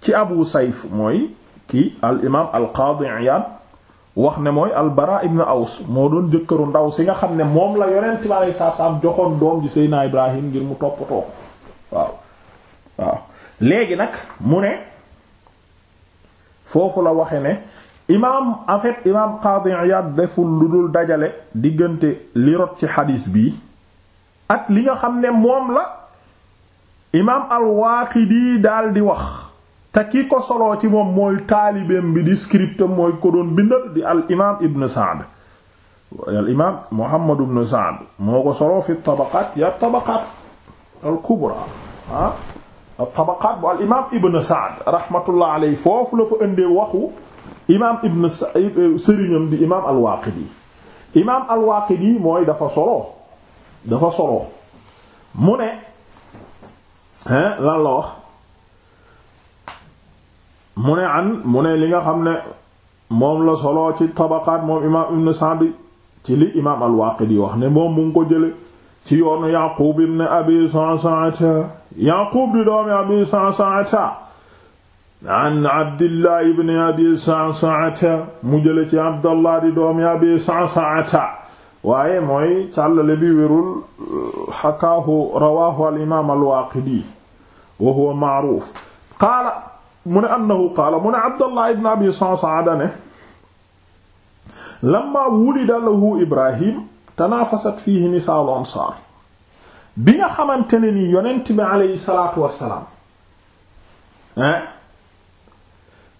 ci abu sayf mooy kii al imaam al qaadi Iyaad wax ne mooy albara ibn aws moo doon jëkkëru ndaw si nga xam ne moom la yonent bi alei saatu salaam joxoon doom ji seydina ibrahim ngir mu toppatoo waaw waaw léegi nag mu ne foofu la waxe ne imaam en fait imaam Qadi Iyad deful lu dul dajale diggante li rot ci xadiis bi ak li nga xam ne moom la imaam al-Waaqidi daal di wax te ki ko soloo ci moom mooy taalibeem bi di scriptam mooy ko doon bindal di al ibn Sa'd al imaam ibn Sa'd moo ko soloo fi tabaqaat ya tabaqaat al kubra ah, al tabaqaat bu al ibn Sa'd rahmatullah alayhi foofu la fa indee waxu imaam ibn eh, sëriñam di imaam al Waaqidi imaam al Waaqidi mooy dafa soloo dafa soloo mu ne hein lan la wax mu ne li nga xam ne moom la solo ci tabaqaat moom imaam ci li imaam al wax ne moom mu ngi ko ci yoonu Yaqub ibn Abi Sa'sa'a Yaqub di doomi Abi Sa'sa'a an Abdullah ibn mu jële ci Abdullah di doomi Abi Sa'sa'a waaye mooy càllale bi wérul xakaahu rawaahu al imaam al-Waaqidi wa qaala mu ne annahu qaala mu ne abdallah ibn abi sa'sa'a ne lamma wulida lahu ibrahim tanafasat fihi nisaalu ansaar bi nga xamante ne ni yonent bi aleyhi salaatu wassalaam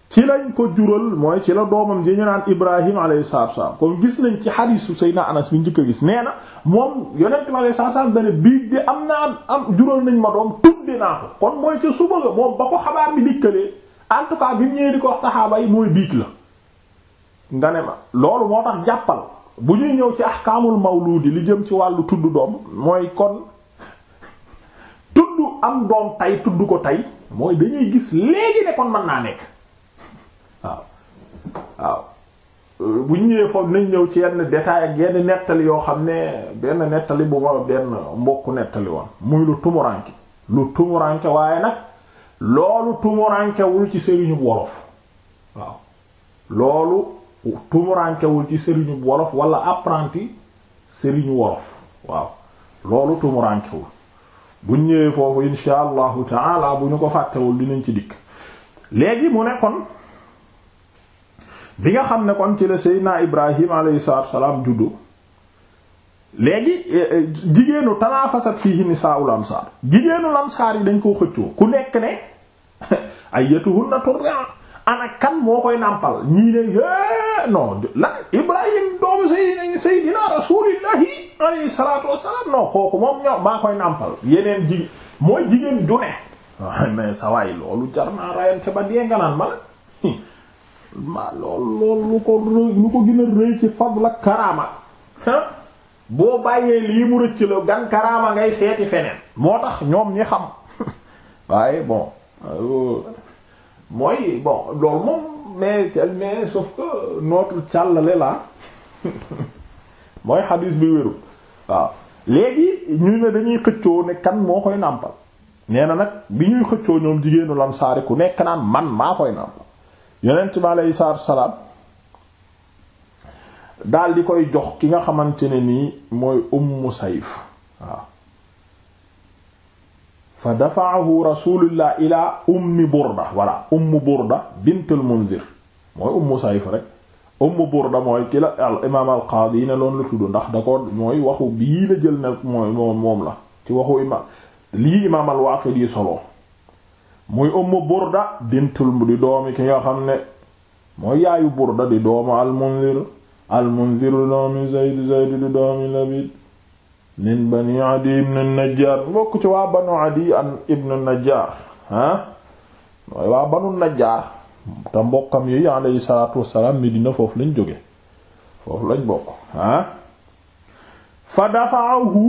ci lañ ko jural mooy ci la doomam ji ñu naan Ibrahim alayhi salaatu wassalaam kon gis nañ ci xadiisu na Anas bi njëkk a gis nee na moom yonent bi alayhi salaatu wassalaam biig de am naa am jural nañ ma doom tudde naa ko kon mooy ca suba ga moom ba ko xabaar bi dikkalee en tout cas bi mu ñëwee di ko wax saxaaba la nga ne ma jàppal bu ñuy ñëw ci ahkaamul mawludi li jëm ci wàllu tudd doom mooy kon [LAUGHS] tudd am doom tey tudd ko tey mooy dañuy gis léegi ne kon mën naa nekk waaw bu ñu ñëwee foofu nañ ñëw ci yenn détail ak yenn nettali yoo xam ne benn nettali bu ma benn mbokk nettali woon muy lu tumuranke lu tumuranke waaye nag loolu tumurankewul ci sëriñub wolof waaw loolu tumurankewul ci sëriñub wolof wala apprenti sëriñu wolof waaw loolu tumurankewul buñ ñëwee foofu insha allahu taala bu ñu ko fàttewul dinañ ci dikk léegi mu ne bi nga xam ne kon ci la Seydina Ibrahim alayhi salaatu salaam juddu léegi eh, eh, jigéenu tanaafasat fiihi nisaa'ul ansaar jigéenu ansaar yi dañ koo xëccoo ku nekk ne [LAUGHS] ayyatuhunna turdi'a ana kan moo koy nàmpal ñii ne hee eh, non Ibrahim doomu Seydina rasuulillahi alayhi salaatu wassalaam non kooku moom ñoo maa koy nàmpal yeneen jigéen mooy jigéen du [LAUGHS] mais sa waay loolu jar naa rayante ba dee nga naan ma [LAUGHS] ma lool lool lu ko lu ko gën rëy ci fadl ak karaama boo bàyyee lii mu rëcc la gan karaama ngay seeti feneen moo tax ñoom ñi xam [LAUGHS] waaye bon euh, mooy bon loolu moom mais mais sauf que notre càllale la [LAUGHS] mooy xadiis bi wérul waaw léegi ñu ne dañuy xëccoo ne kan moo koy nàmpal nee na nag bi ñuy xëccoo ñoom jigéenu lamsaari ku nekk naan man maa koy nàmpal yonent bi aleyhi salaatu salaam daal di koy jox ki nga xamante ne nii mooy ummu sayf waaw fa dafaahu rasulullah ila ummi burda walla ummu burda bintul munzir mooy ummu sayf rek ummu burda mooy ki la al imaam al qaadi ne loonu la tudd ndax da ko mooy waxu bii la jël ne mooy moom la ci waxu imaam lii imaam al waaqidi solo muy ummu burda bintul di doomi ki nga xam ne mooy yaayu burda di doomu almundir almundir di doomi zayd zayd di doomi labid min bani adi ibn najjar bokk ci waa banu adi an ibn najjar ah mooy waa banu najjar te mbokkam yi alayhi salaatu wassalaam medina foofu lañ jóge foofu lañ bokk ah fa dafa'ahu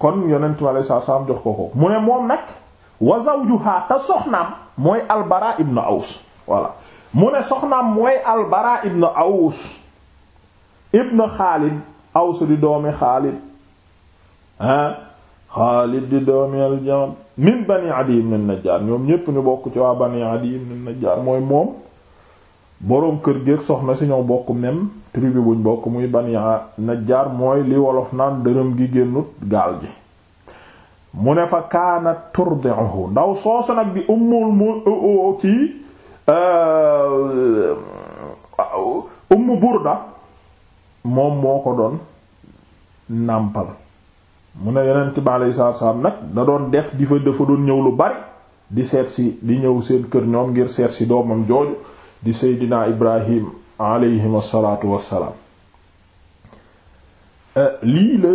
kon yonentu alayhi salaam jox ko ko mu ne moom nag wa zawjuha te soxnaam mooy albara ibn aus voilà mu ne soxnaam mooy albara ibn aus ibn xaalid aus di doomi xaalid ah xaalid di doomi aljaam min bani adi ibn najjar ñoom ñépp ñu bokk ci waa bani adi ibn najjar mooy moom boroom kër géeg soxna si ñoo bokk même tribu buñ bokk muy bani najjar mooy li wolof naan dërëm gi génnut gaal ji mu ne fa kaana turdi'uhu ndaw soosu nag bi ummul mu ci euh, ummu burda moom moo ko doon nàmpal mu ne yonent bi alayhi salaatu nag da doon def di fa dafa doon ñëw lu bari di seet si di ñëw seen kër ñoom ngir seet si doomam jooju di seydinaa ibrahim alayhim assalaatu wassalaam euh, lii la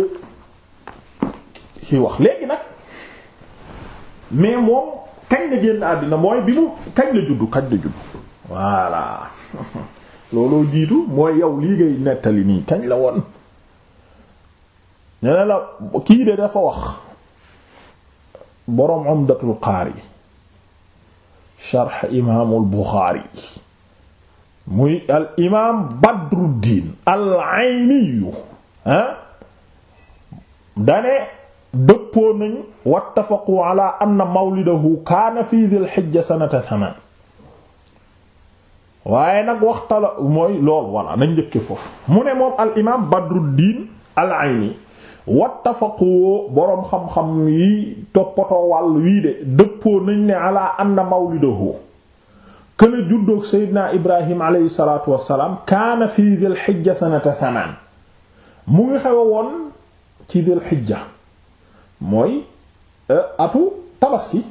ki wax léegi nag mais moom kañ la génn àddina mooy bi mu kañ la juddu kañ la juddu voilà [LAUGHS] looloo jiitu mooy yow lii ngay nettali nii kañ la woon ñene la kii de dafa wax boroom Umdatul Qaari sharx imaamul Buxaari al imaam Badruddin al Ayniyu ah, dane dëppoo waaye nag waxtala mooy lool walla nañ njëkke foofu mu ne moom al imaam boroom xam-xam yi toppatoo wàll wii de dëppoo nañ ne ala mawlidahu këna juddoog seydina ibrahim aleyhi kaana fi dhil hijja sanata thaman mu ngi xewe woon ci dhil hijja mooy euh, atu tabaski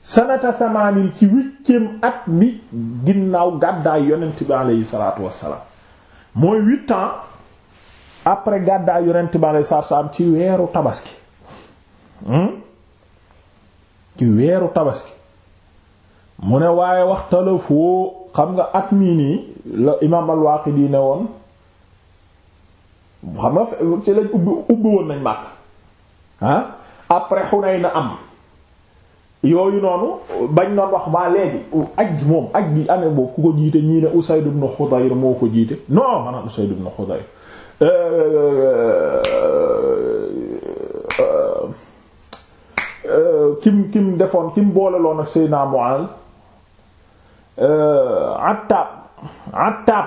sanata samaanin ci huitième at bi ginnaaw gàddaay yonent bi aleyhi salaatu wassalaam mooy huit ans après gàddaay yonent bi aleyhi salaatu wassalaam ci weeru tabaski hmm? ci weeru tabaski mu ne waaye waxtala foo xam nga at mii nii la imaam al-Waaqidi ne woon xam nga ci lañ ubbi ubbi woon nañ màkk ah après na am yooyu noonu bañ noon wax waa léegi aj moom aj bi année boobu ku ko jiite ñii ne Usayd ibn Khudayr moo ko jiite non maanaam Usayd ibn Khudayr euh, euh, euh, kim kim defoon kim boole loon ak Seydina Mu'adh Attab Attab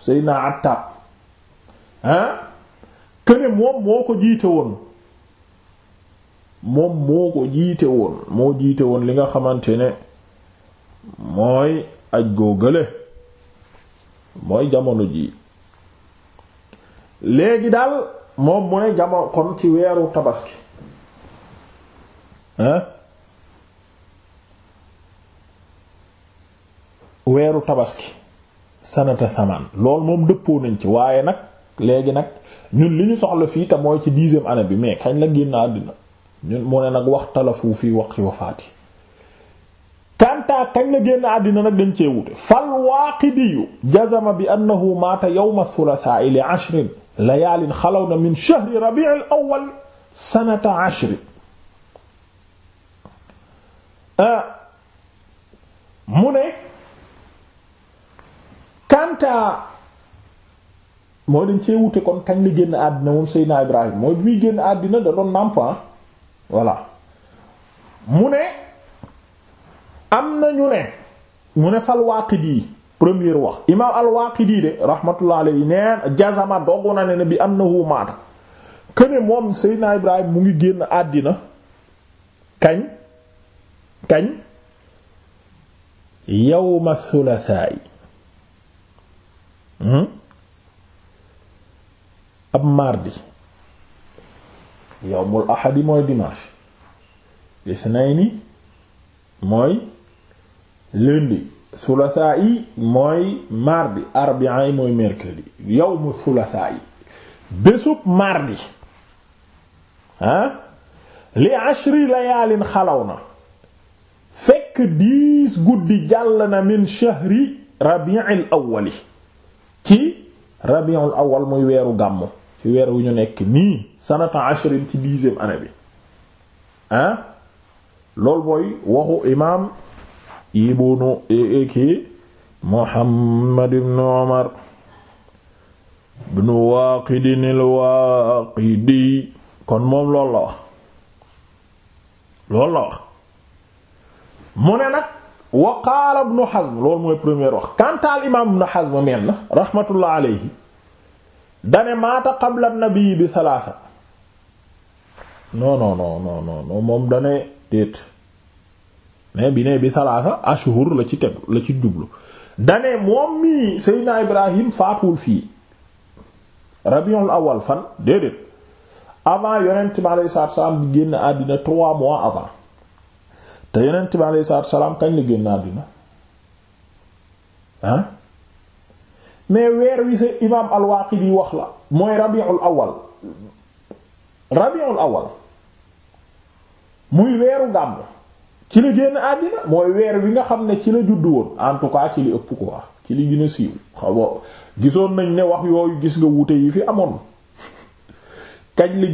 Seydina Attab ah këne moom moo ko jiite woon moom moo ko jiite woon moo jiite woon li nga xamante ne mooy aj góogale mooy jamono jii léegi daal moom mu ne jamono kon ci weeru tabaski hein weeru tabaski sanata samaan loolu moom dëppoo nañ ci waaye nag léegi nag ñun li ñu soxla fii te mooy ci dixième année bi mais kañ la génn àddina ñun mu ne nag waxtalafu fii waqti wafaati kantaa kañ la génn àddina nag dañ cee wute fal jazama bi annahu maata yawma a li ashrin layaalin xalaw na min shahri rabi'il awwal sanata ah, mu ne kantaa mooy kon kañ la génn àddina moom Seydina Ibrahim mooy bi muy génn àddina da doon nàmpa ah. voilà mu ne am na ñu ne mu ne fal Waaqidi première wax imaam al-Waaqidi de rahmatullah alayhi neen jazama doggu na ne ne bi am na hu maata këne moom Seydina Ibrahim mu ngi génn àddina kañ kañ yawma thulathaay hmm? ab mardi yawmul ahadi mooy dimanche isnayni mooy lundi sulasaa yi mooy mardi arbi'a yi mooy mercredi yawmu sulasaa yi bésub mardi ah li layaalin xalaw na fekk diis guddi jàll na min shahri rabi'il awwali ci rabi'ul awwal muy weeru gàmmu ci weer wu ñu nekk nii sanata ashrin ci dixième année bi ah loolu mooy waxu imaam ibnu ki Muhammad ibn Umar ibn Waaqid al kon moom loolu la wax loolu la wax mu ne nag wa qaala ibn Hazm loolu mooy première wax kantaal imaam ibn Hazm mel na rahmatullah alayhi dane maata qabla nabii bi salaasa non non non non non moom dane déet mais bi ne bi salaasa ashhur la ci teg la ci jublu dane moom mii seydina ibrahim faatuwul fii rabiul awal fan déedéet avant yonent bi aleyhi salaatu salaam di génn àddina trois mois avant te yonent bi aleyhi salaatu salaam kañ la génn àddina ah mais weer wi sa imaam al-Waaqidi wax la mooy rabiul awal rabiul awal muy weeru gàmm ci la génn àddina mooy weer wi nga xam ne ci la juddu woon en tout cas ci li ëpp ko wax ci li gën a siiw xaw gisoon nañ ne wax yooyu gis nga wuute yi fi amoon kañ li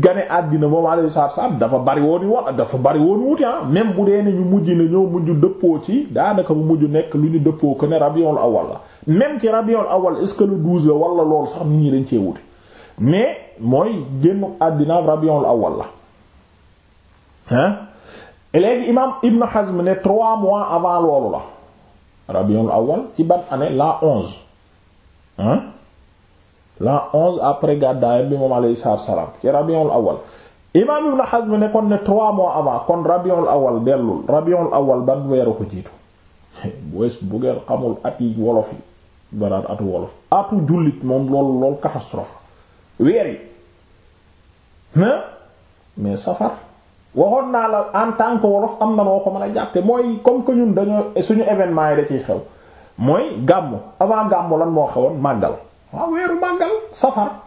gane àddina moom alayhi salaatu salaam dafa bari woon wa dafa bari woon wuti ah même bu dee ne ñu mujj na ñoo mujj dëppoo ci daanaka bu mujj nekk lu ñu dëppoo que ne rabiul awal la même ci rabiul awal est wala loolu sax nit ñi dañ cee wuti mais mooy génn àddina rabiul awal la hein léegi imaam Ibn Hazm ne trois mois avant loolu la rabiul awal ci ban année la onze l'an onze après gàddaayam bi moom alayhi salaatu salaam ci rabiul awal imaam ibn Hazm ne kon ne trois mois avant kon rabiul awal dellul rabiul awal ban weeru ko jiitu [LAUGHS] bés bu ngeen xamul at yi wolof yi banaan atu wolof atu jullit moom lool lool catastrophe weer yi mais safar waxoon naa la en tant que wolof am na loo ko mën a jàppe mooy comme que ñun dañoo suñu événement yi da ciy xew mooy gàmmu avant gàmmu lan moo xewoon màggal waaw weeru màggal safar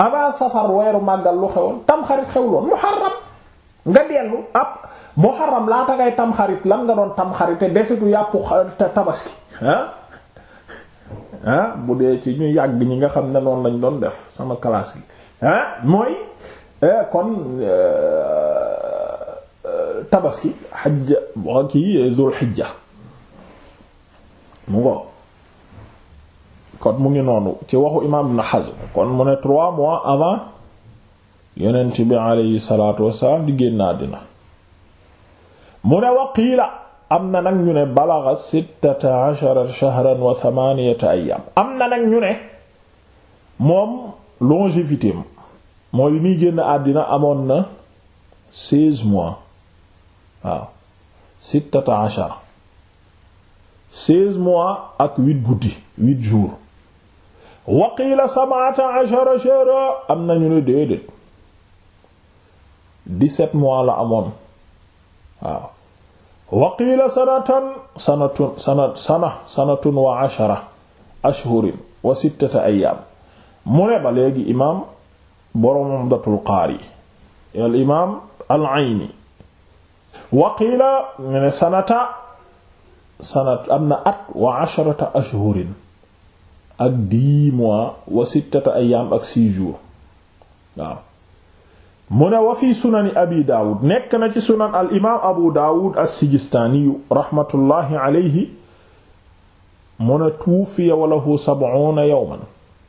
avant safar weeru màggal lu xewoon tamxarit xewloon muharram nga dellu ab muharram laata ngay tamxarit lan nga doon tamxarit te desitu yàppu tabaski ah ah bu dee ci ñu yàgg ñi nga xam ne noonu lañ doon def sama classe gi ah mooy eh, kon eh, tabaski xajja boo kii zul xijja mu ngo kon mu ngi noonu ci waxu imaam Ibn Hazm kon mu ne trois mois avant yonent bi aleyhi salaatu wasalaam di génn àddina mu ne waqiila am na nag ñu ne balagha sittata ashara shahran wa thamaniyata ayyam am na nag ñu ne moom longévité am mooy bi génn àddina amoon na seize mois waaw sittata ashara seize mois ak huit guddi huit jours waqiila sab'ata ashara shahra am nañu ne déedéet dix-sept mois la amoon waaw waqiila sanatan sanatun sana sana sanatun wa ashara ashhurin wa sittata ayyaam mu ne ba léegi imaam boroom Umdatul Qaari al imaam al Ayni waqiila ne sanata sanat am na at wa asharata ashhurin ak dix mois wa sittata ayyaam ak six jours waaw mu ne wa sunani abi daawud nekk na ci sunan al imaam abu daawud as-sijistaaniyu raxmatullaahi alayhi mu ne tuufiya wa lahu sab'una yawman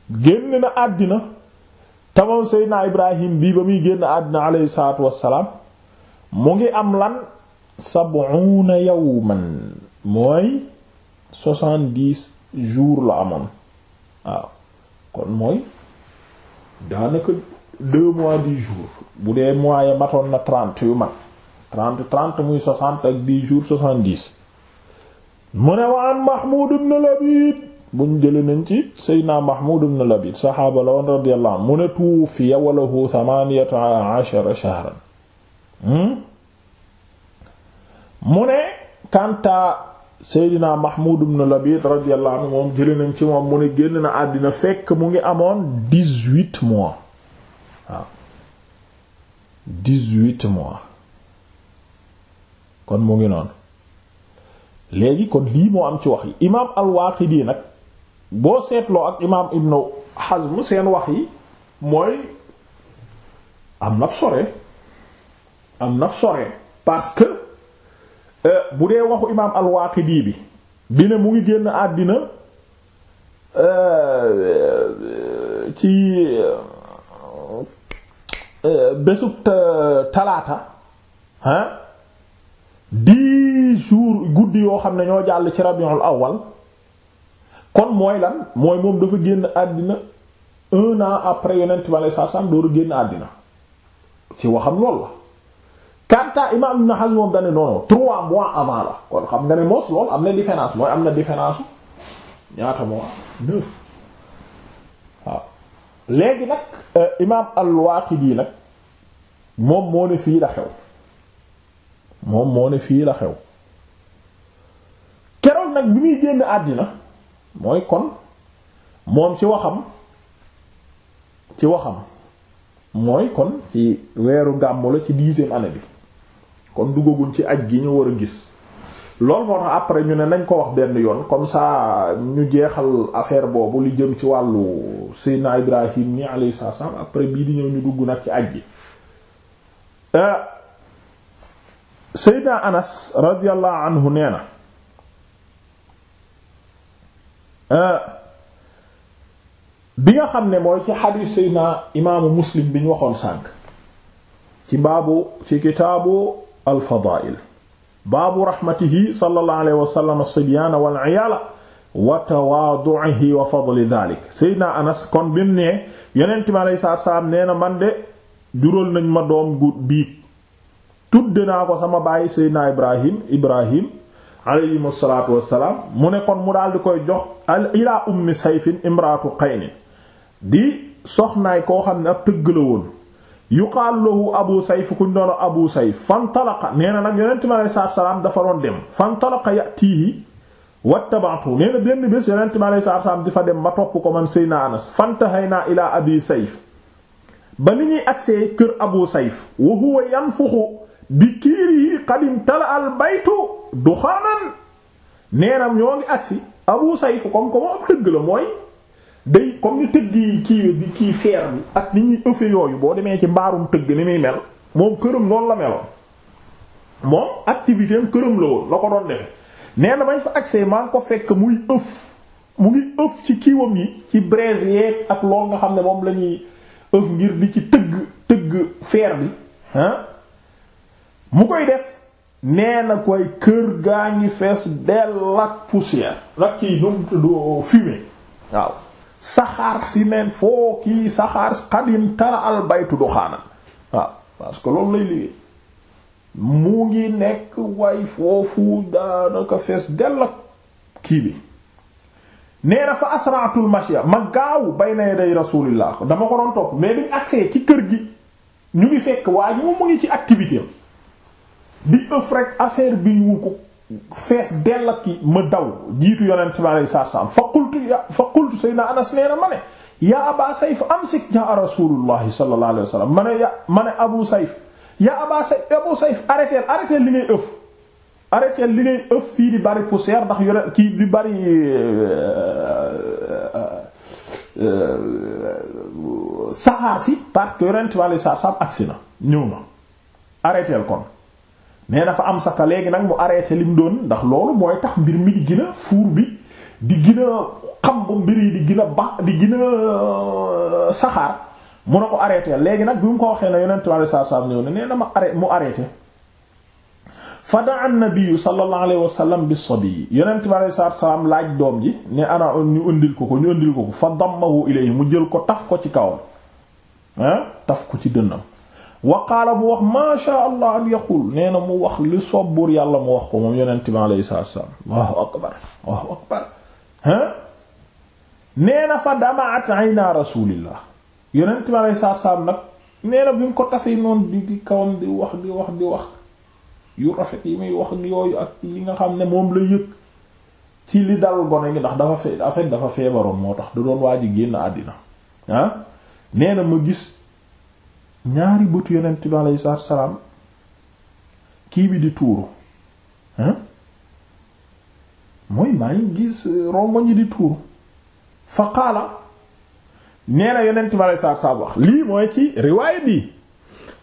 génn na àddina tamoom seydina ibrahim bii ba muy génn àddina alayhi salaatu wassalaam mu ngi am lan sab'una yawman mooy soixante la amoon waaw kon mooy daanaka deux mois dix jours bu dee mois ya matoon na trente yu mat trente trente muy soixante ak dix jours soixante dix mu ne waan Mahmoud ibn Labid buñ jëlee nañ ci Seydina Mahmoud ibn Labid saxaaba la mu ne tuwuffiya wa lahu thamaniyata ashara shahran hmm? mu ne kanta Seydina Mahmoud ibn Labid radiyallahu anhu moom jëlee nañ ci moom mu ne génn na àddina fekk mu ngi amoon dix-huit mois waaw dix-huit mois kon mu ngi noonu léegi kon lii moo am ci wax yi imaam al nag boo seetloo ak imaam Ibn Hazm seen wax yi mooy am na sore am na sore parce Euh, bu dee waxu imaam al-Waaqidi bi bi ne mu ngi génn àddina euh, ci euh, bésu talaata hein dix jours guddi yoo xam ne ñoo jàll ci rabiul awal kon mooy lan mooy moom dafa génn àddina un an après yonent bi sallallahu alayhi wasallam dooru génn àddina ci waxam lool la hatta imam Ibn Hazm trois mois avant la kon xam nga ne mos lool am na différence mooy am na différence ñaata mois neuf waaw léegi nag euh, imam al-Waqidi nag moom moo ne fii la xew moom moo ne fii la xew keroog nag bi muy génn àddina mooy kon moom ci waxam ci waxam mooy kon ci weeru gàmmu la ci dixième année bi kon duggaguñ ci aj gi ñu war a gis loolu moo tax après ñu ne nañ ko wax benn yoon comme ça ñu jeexal affaire boobu li jëm ci wàllu Seydina Ibrahim ni alayhi salaam après bii di ñëw ñu dugg nag ci aj gi euh, Seydina Anas radiyallahu anhu nee na euh, bi nga xam ne mooy ci xadiis Seydina imaamu Muslim bi ñu waxoon sànq ci baabu ci kitaabu alfadail baabu raxmatihi sallallahu alayhi wa sallam as-sibyaana wal wa tawaadu'ihi wa fadli daalik seydina anas kon bi mu nee yonent mi salaam nee na man de jural nañ ma doom biig tudde naa ko sama bàyyi seydina ibrahim ibrahim alayhim salaatu wassalaam mu ne kon mu daal di koy jox al ilaa ummi sayfin imraatu qaynin di soxnaay koo xam ne ab tëgg la woon yuqaalu lahu abu sayf kuñ doon abu sayf fantalaqa nee na nag yonent bi aleyhi salaatu salaam dafa doon dem fantalaqa yatihi wattaba'tu nee na benn bés yonent bi aleyhi salaatu salaam di fa dem ma topp ko man seyna anas fantahaynaa ilaa abi sayf ba ni ñuy agsee kër abu sayf wa huwa yanfuxu bi kiirihi qad imtala al baytu duxaanan nee na ñoo ngi agsi abu sayf comme ko moom dëgg la mooy day comme ni tëgg yi kii di kii feer bi ak ni ñuy ëfe yooyu boo demee ci mbaarum tëgg ni muy mel moom këram noonu la meloon moom activité am këram la woon la ko doon defe nee na bañ fa accès maa ngi ko fekk muy ëf mu ngi ëf ci kiiwam yi ci braise yeeg ak lool nga xam ne moom lañuy ëf ngir di ci tëgg tëgg feer bi ah mu koy def nee na koy kër gaa ngi fees dell ak poussière rak kii dum tudd fumée waaw saxaar si neen foo kii saxaar xadim tara al du xaanan waaw parce que loolu lay liggéey mu ngi nekk way foofu daanaka fees dell ak kii bi nee na fa asraatul mashya ma gaaw bay na day rasulillah dama ko doon topp mais biñ accès ci kër gi ñu ngi fekk waaye moom mu ngi ci activité di ëf rek affaire bi wu ko fees dell ak ki ma daw jiitu yonent bi alayhi salaam fa qultu ya fa qultu sayna anas nee na ma aba sayf amsik jaa rasulullahi sallallahu alayhi wa sallam ma ne ya ma ne abu sayf yaa aba sayf abu sayf arrêteel arrêteel li ngay ëf arrêteel li ngay ëf fii di bari poussière ndax yonent kii di bari euh, euh, euh, saxaar si parce que yonent bi alayhi salaam agsi na ñëw na arrêteel kon mais dafa am saka léegi nag mu arrêté lim doon ndax loolu mooy tax mbir mi di gën a fuur bi di gina a xam bu mbir yi di gën ba di gina a euh, saxaar mu na ko arrêté léegi nag bi mu ko waxee na yonentu Yàlla sallallahu alayhi wasallam ñëw ne nee na ma arrêté mu arrêté fa daa nabiyu sallallahu alayhi wasallam bi sabi yonentu Yàlla sallallahu alayhi wasallam laaj doom ji ne ana ñu indil ko ko ñu indil ko ko fa dammahu ilayhi mu jël ko taf ko ci kawam ah taf ko ci dënnam waqaala mu wax maasha allah an yaqul nee mu wax li soob buur yàlla mu wax ko moom yonent bi alayhi salaatu salaam allahu akbar allahu akbar hein nee na fa damaat ayna rasulillah yonent bi alayhi salaatu nag nee na bi mu ko tafee noonu di di kawam di wax di wax di wax yu rafet yi muy wax yooyu ak li nga xam ne moom la yëg ci li dal gone gi ndax dafa fee en dafa feebaroon moo tax da doon waaj a génn àddina ah nee ma gis ñaari bëtu yonent bi alayhi salaatu salaam kii bi di tuuru hein mooy maa ngi gis euh, rongoñ yi di tuuru fa qaala nee na yonent bi alayhi lii mooy ci riwaaya bi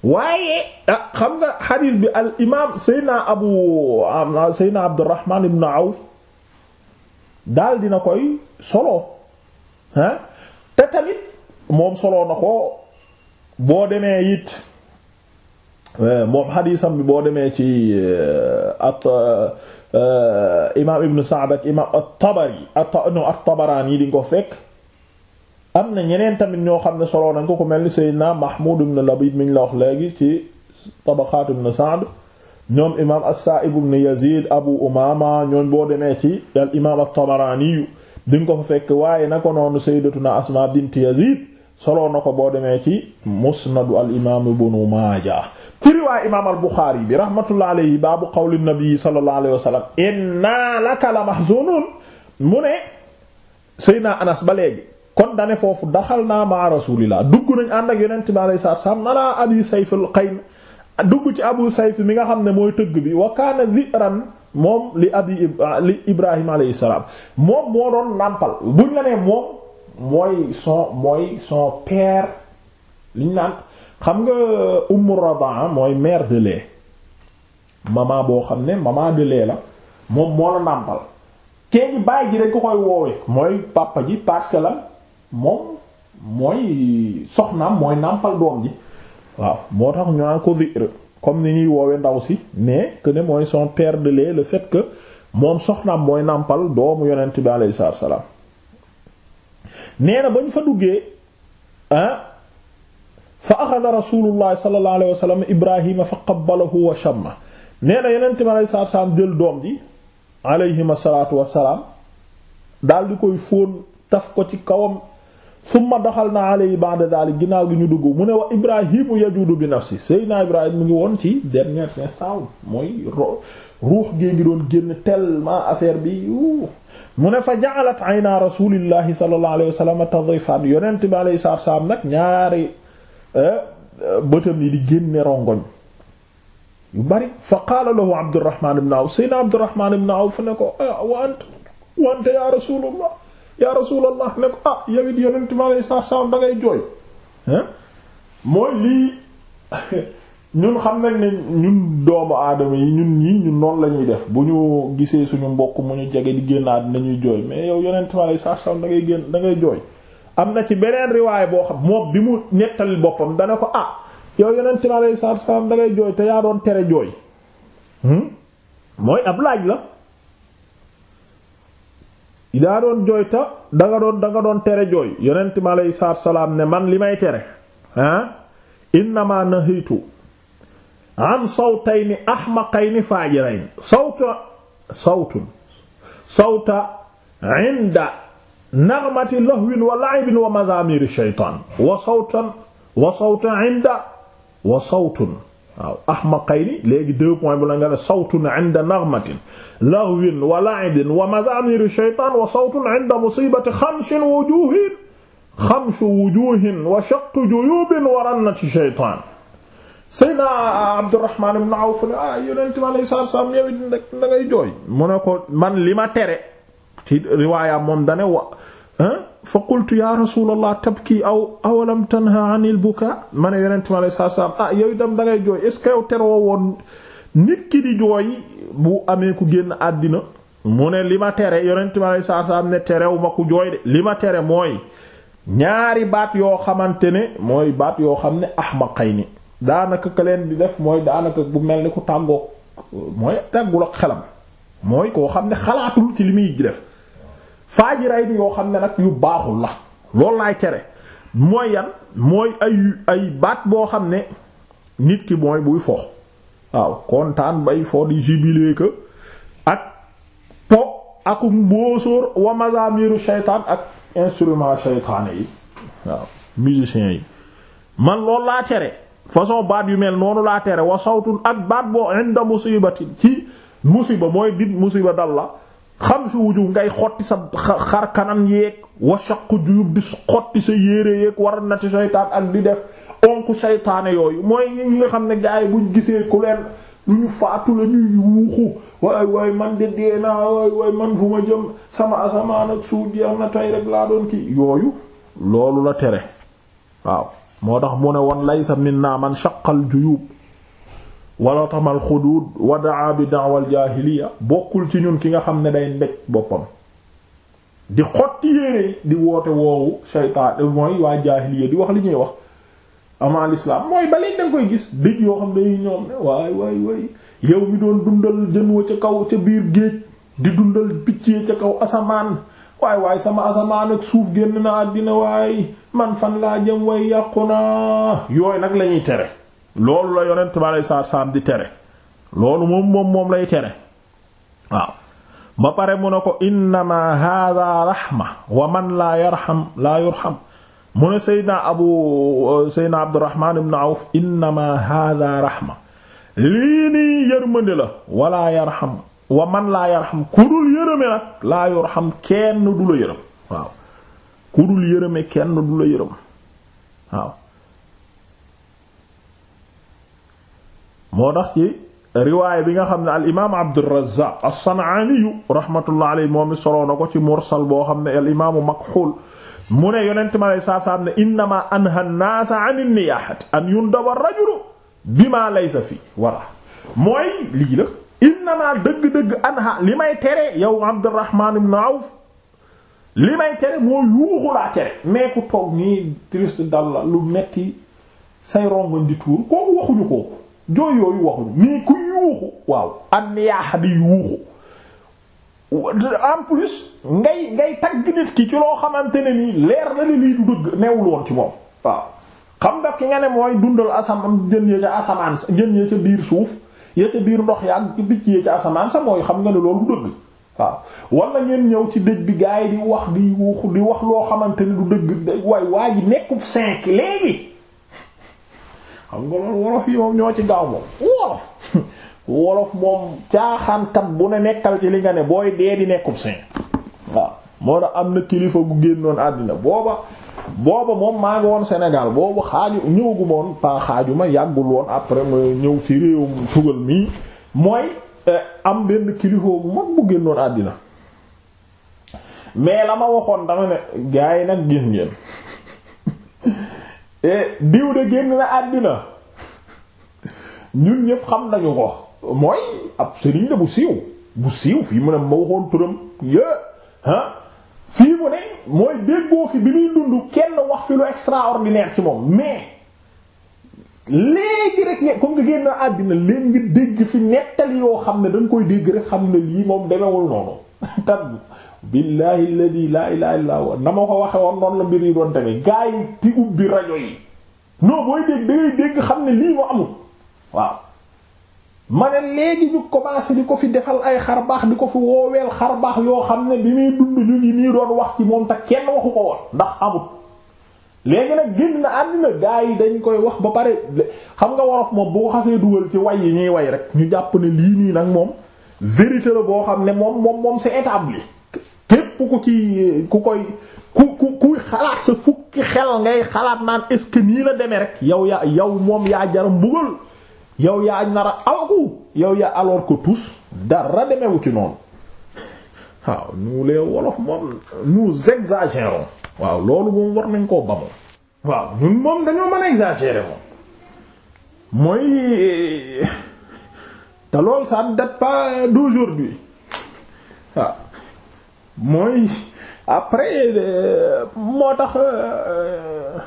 waaye ah, xam nga xadiis bi al imaam seydna abu seydna abdurrahmaan ibn awf daal dina koy solo hein te tamit moom solo na ko boo demee it eh, moom xadiisam bi boo demee ci eh, at eh, imaam ibn Sa'd ak imaam at-Tabari at-Tabarani di nga ko fekk am na ñeneen tamit ñoo xam ne soloo nañ ko ku mel ni Seydina Mahmud ibn Labid mi ñu la wax léegi ci Tabaqaat ibn Sa'd ñoom imaam as-Sa'ib ibn Yazid Abu Umama ñoom boo demee ci al imaam at-Tabarani di nga ko fekk waaye na ko noonu Sayyidatuna Asma bint Yazid solo na ko boo demee ci musnadu al imaam ibnu maaja ci riwaay imaam al buxaari bi rahmatullah alayhi baabu qawli nabi sallallahu alayhi wa sallam inna laka la mahzunun mu ne Seydina Anas ba léegi kon dane foofu daxal naa ma rasulillah dugg nañ ànd ak yonent bi alayhi salaatu salaam nalaa abi sayf al qayn dugg ci abu sayf mi nga xam ne mooy tëgg bi wa kaana zi'ran moom li abi ibrahim alayhi salaam moom moo doon nàmpal buñ la moom mooy son mooy son père li ñu naan xam nga ummu radaa mooy mère de lait maman boo xam ne maman de lait la moom moo la nàmpal kee baay ji rek koy woowee mooy papa ji parce que la moom mooy soxnaam mooy nàmpal doom ji waaw moo tax ñu naan ko comme ni ñuy woowe ndaw si mais que ne mooy son per de lait le fait que moom soxnaam mooy nàmpal doomu yonent bi alayhi salaam nee na ba ñu fa duggee ah fa axada rasulullahi sallallahu alayhi wa sallam ibrahima fa qabbalahu wa shamma nee na yonent mi alayhi salaam jël doom ji alayhima salaatu wassalaam daal di koy fóon taf ko ci kawam summa daxal na alayhi ba'da dalik ginnaaw gi ñu dugg mu ne wa ibrahimu yajudu bi nafsi seydina ibrahim mu ngi woon ci dernier instant mooy ruux gée ngi doon génn tellement affaire bi mu ne fa ja'alat ayna rasulillahi sallallahu alayhi wa sallam tadhifan yonent bi alayhi salaatu salaam nag ñaari eh, bëtam yi di génne rongoñ yu bari fa qaala lahu Abdurrahman ibn Awf sayna Abdurrahman ibn Awf ne ko ah wa ant wa ant ya rasulullah ya ne ko ah yow it yonent bi alayhi salaatu salaam da ngay eh, mooy lii [LAUGHS] ñun xam nañ ne ñun doomu aadama yi ñun ñii ñun noonu la ñuy def bu ñu gisee suñu mbokk mu ñu jege di génn àddina ñuy jooy mais yow yeneen ma lay saa saa génn da ngay jooy. am na ci beneen riwaay boo xam moom bi mu nettali boppam dana ko ah yow yonent ma lay saa saa da ngay jooy te tere jooy hmm? mooy ab laaj la. daa doon jooy doon da doon tere jooy yonent ma lay saa salaam ne man li may tere ah innamaa nahiitu an sawtayni ahmaqayni faajirayni sawta sawtun sawta inda naghmati lahwin wa la'ibin wa mazamiri shaytaan wa sawtan wa sawta inda wa sawtun waaw ahmaqayni léegi deux points bu la nga ne sawtun inda naghmatin lahwin wa la'ibin wa mazamiri shaytaan wa sawtun inda musibati khamshin wujuhin khamshu wujuhin wa shaqqi juyubin wa rannati shaytaan Seydina Abdurrahman ibn Awf ne ah yonent mi alayhi salaatu salaam mu ne ko man li ma tere ci riwaaya moom dane wa fa qultu ya rasulallah tabki aw awalam tanha anil buka ma ne yonent mi alayhi salaatu ah yow itam da ngay jooy est ce teroo woon nit ki di jooy bu amee ku génn àddina mu ne li ma tere yonent mi alayhi salaatu ne terewu ma ku jooy de li ma tere mooy ñaari baat yoo xamante ne mooy baat yoo xam ne ahmaqayni daanaka ka leen di def mooy daanaka bu mel ni ku tàggoog mooy tàggul ak xelam mooy koo xam ne xalaatul ci li muy def faajiray yoo xam ne nag yu baaxul la loolu laay tere mooy yan mooy ay ay baat boo xam ne nit ki mooy buy fox waaw kontaan bay foo di jubilé que ak po akum mbóosóor wa mazamiru shaytaan ak instrument shaytaan yi waaw musiciens yi man loolu laa tere façon baat yu mel noonu laa tere wa sawtun ak baat boo inda musibatin ci musiba mooy dit musiba dal la xam su wuju ngay xotti sa xar kanam yeeg wa shaqu juyub xotti sa yére yeeg waral na ci seytaan ak di def onku seytaane yooyu mooy ñi nga xam ne gaay buñ gisee ku leen lu ñu faatu la ñuy yuuxu waay man de dee naa waay waay man fu ma jëm sama asamaan ak suuf jeex na tey rek laa doon ki yooyu loolu la tere waaw moo tax mu ne woon laysa minna man saqal juyub wala tamal xudud wa daa bi da'wal jaahiliya bokkul ci ñun ki nga xam ne day mbéj boppam di xotti yére di woote woowu shaytaan mooy waa jaahiliya di wax li ñuy wax ama l'islam mooy ba léegi danga koy gis dëj yoo xam ne ñoom ne waay waay waay yow mi doon dundal jën wa ca kaw ca biir géej di dundal picc ca kaw asamaan waay waay sama asamaan ak suuf génn na àddina waay man fan laa jëm way yàqu naa yooyu nag lañuy tere loolu la yonent ba saar saam di tere loolu moom moom moom lay tere waaw ba pare mu ne ko innama hada rahma wa man laa yarham laa yurham mu ne seydna abu seydna abdurrahman ibn auf innama hada rahma lii nii yërmande la wala yarham wa man laa yarham ku dul yërëme nag laa yarham kenn du la yërëm waaw ku yërëme kenn du la yërëm waaw moo tax ci riwaaya bi nga xam ne al imaam Abdurrazzaq as rahmatullah alayhi moom i soloo na ci mursal boo xam ne al imaamu mu ne yonent ma lay saab-saab ne innama anha an-naasa an-niyaahati an yundaba ar-rajulu bima laysa fii wala mooy lii la innamaa dëgg-dëgg anha li may tere yow Abdurrahman ibn Awf li may tere moo yuuxu laa tere mais ku toog nii triste dal la lu metti say rongoñ di tuur kooku waxuñu kooku jooy yooyu waxuñu nii ku yuuxu waaw an yaax di yuuxu en plus ngay ngay tagg nit ki ci loo xamante ne nii leer na li lii du dëgg neewul woon ci moom waaw xam nga ki nga ne mooy dundal asamaan jën yee ca asamaan jën yee ca biir suuf ya biir ndox ya ak picc ya asamaan sa mooy xam nga ne loolu du dëgg waaw wala ngeen ñëw ci dëj bi gaa di wax di wax loo xamante ni du dëgg waay waa ji nekkub cinq léegi xam nga loolu wolof yi moom ñoo ci gaaw moom wolof wolof moom caaxaankat bu ne nekkal ci li nga ne booy dee di nekkub cinq waaw moo tax am na kilifa gu génnoon àddina booba booba moom maa ngi woon Sénégal boobu xaaju ñëwgu moon pa xaaju ma yàggul woon après ma ñëw ci réewum tugal mii mooy eh, am benn kilifa bu bu génnoon àddina mais la ma waxoon dama ne gars yi nag gis ngeen [LAUGHS] eh, diw de génn na àddina ñun ñëpp xam nañu ko mooy ab sëriñ la bu siiw bu siiw fii mu ne ma waxoon turam yé ah fii mu ne mooy déggoo fi bi muy dund kenn wax fi lu extraordinaire ci moom mais léegi rek comme nga génn àddina leen ngi dégg fi nettali yoo xam ne da nga koy dégg rek xam ne lii moom demewul noonu [LAUGHS] tab billahi alladhi la ilaha illa huwa na ma ko waxe woon noonu la mbir yi doon demee gaa yi ti ubbi rajo yi noo booy dégg dangay dégg xam ne lii moo amul waaw ma léegi ñu commencé di ko fi defal ay xar baax di ko fi wooweel xar baax yoo xam ne bi muy dund ñu ngi nii doon wax ci moom te kenn waxu ko woon ndax amut léegi nag génn na àddina gaa yi dañ koy wax ba pare xam nga wolof moom boo xasee dugal ci way yi ñuy way rek ñu jàpp ne lii nii nag moom vérité la boo xam ne moom moom moom c'est établi képp ko ci ku koy ku ku kuy xalaat sa fukki xel ngay xalaat naan est-ce que nii la demee rek yow yaa yow moom yaa jaram mbugal yow yaa nar a alaku yow yaa alors que tous dara demewu ci noonu waaw nous les wolof moom nous exagérons waaw loolu moom war nañ koo ba waaw ñun moom dañoo man a exagérer moom mooy te loolu ça ne date pas d'aujourd'hui mooy après moo tax euh,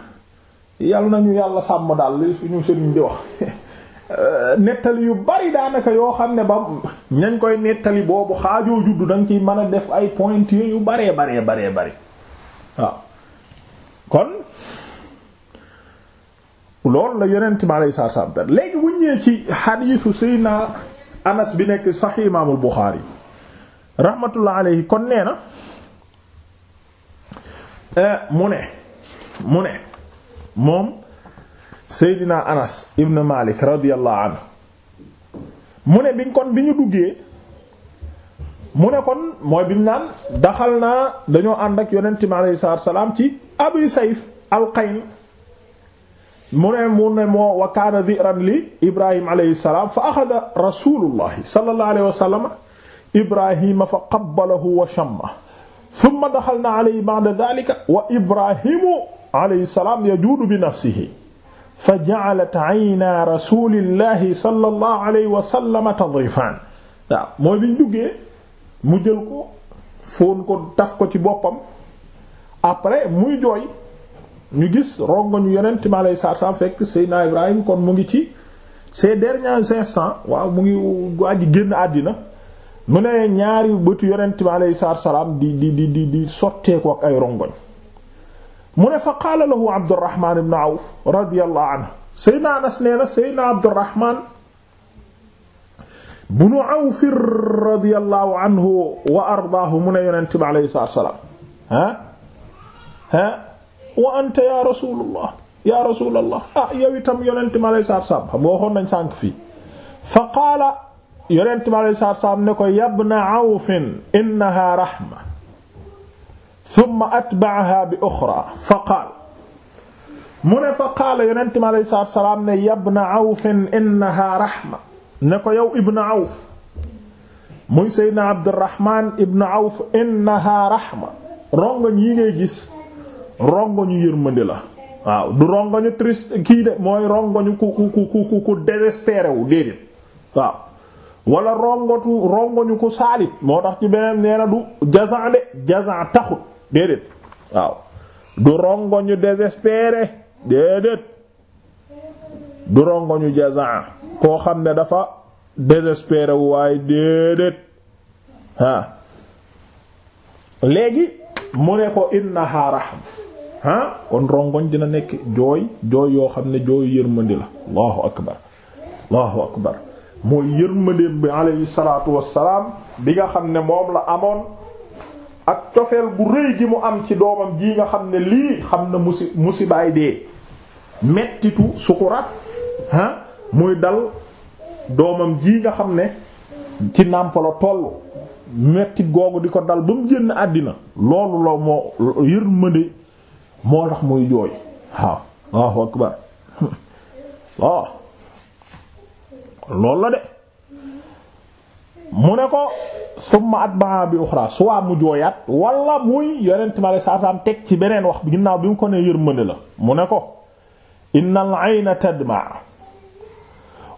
yàlla nañu yàlla sàmm daal li suñu sëriñ di wax [LAUGHS] Euh, nettali yu bari daanaka yoo xam ne ba ñañ koy nettali boobu xaajoo juddu da nga ciy mën a def ay point yu baree baree baree bari waaw kon loolu la yonent mi alayhi salaam léegi bu ñëwee ci xadiisu Seydina Anas bi nekk Sahih Imaamul Buxaari rahmatullah alayhi kon nee na euh, mu ne mu ne moom. Seydina Anas ibn Malik radiyallahu anhu mu ne biñ kon bi ñu duggee mu ne kon mooy bi mu naan daxal naa dañoo ànd ak yonent mi alayhi salaatu salaam ci Abi Sayf al-Qayn mu ne mu ne moo wa kaana dhi'ran li Ibrahim alayhi salaam fa axada rasuulullahi sallallahu alayhi wa sallam Ibrahima fa qabbalahu wa shamma thumma daxalnaa alayhi ba'da dhaalika wa Ibrahimu alayhi salaam yajuudu bi nafsihi fa ja'alat ayna rasulillahi sallallahu alayhi wa sallam tadrifan waaw mooy bi ñu duggee mu jël ko fóon ko taf ko ci boppam après muy jooy ñu gis rongoñu yonent mi alayhi salaatu salaam fekk Seydina Ibrahim kon mu ngi ci ces derniers instants waaw mu ngi waa ji génn àddina mu ne ñaari bëtu yonent mi alayhi salaatu salaam di di di di sotteeku ak ay rongoñ mu ne fa qaala lahu Abdurrahman ibn Awf radiyallahu anhu Seydina Anas nee na Seydina Abdurrahman ibn Awf radiyallahu anhu wa ardaahu mu ne yonent bi alayhi salaatu wa salaam ah ah wa anta ya rasulullah ya rasulullah ah yow itam yonent bi alayhi salaatu wa salaam xam nga waxoon nañ sànq fii fa qaala yonent bi alayhi salaatu wa salaam ne ko yabna Awf innaha rahma thumma atba'aha bi uxra fa qaal mu ne fa qaala yonent mi salaam ne yabna awf innaha rahma ne ko yow ibn awf muy seydna abdurrahman ibn awf innaha rahma rongoñ yi ngay gis rongoñu yërmande la waaw du rongoñu triste kii de mooy rongoñu ku ku ku ku ku waaw wala rongotu rongoñu ku saalit moo tax ci beneen nee na du jazan de jazan taxut déedéet waaw du rongoñu désespéré déedéet du rongoñu jazaa koo xam ne dafa désespéré wu waaye déedéet léegi mu ne ko innaha rahm ah kon rongoñ dina nekk jooy jooy yoo xam ne jooy yërmandi la allahu akbar allahu akbar mooy yërmandeem bi alayhi salaatu wassalaam bi nga xam ne moom la amoon ak cofeel gu rëy gi mu am ci doomam ji nga xam ne lii xam na musi musibaay dee mettitu sukuraat muy dal doomam ji nga xam ne ci nàmpala toll mettit googu di ko dal ba mu génn àddina loolu la moo yërmande moo tax muy jooy waaw waaw akbar [LAUGHS] waaw loolu la de mu ne ko summa atbaa bi uxra soit mu jooyaat wala muy yonent ma la saasaam teg ci beneen wax bi ginnaaw bi mu ko ne yërmande la mu ne ko innal ayna tadma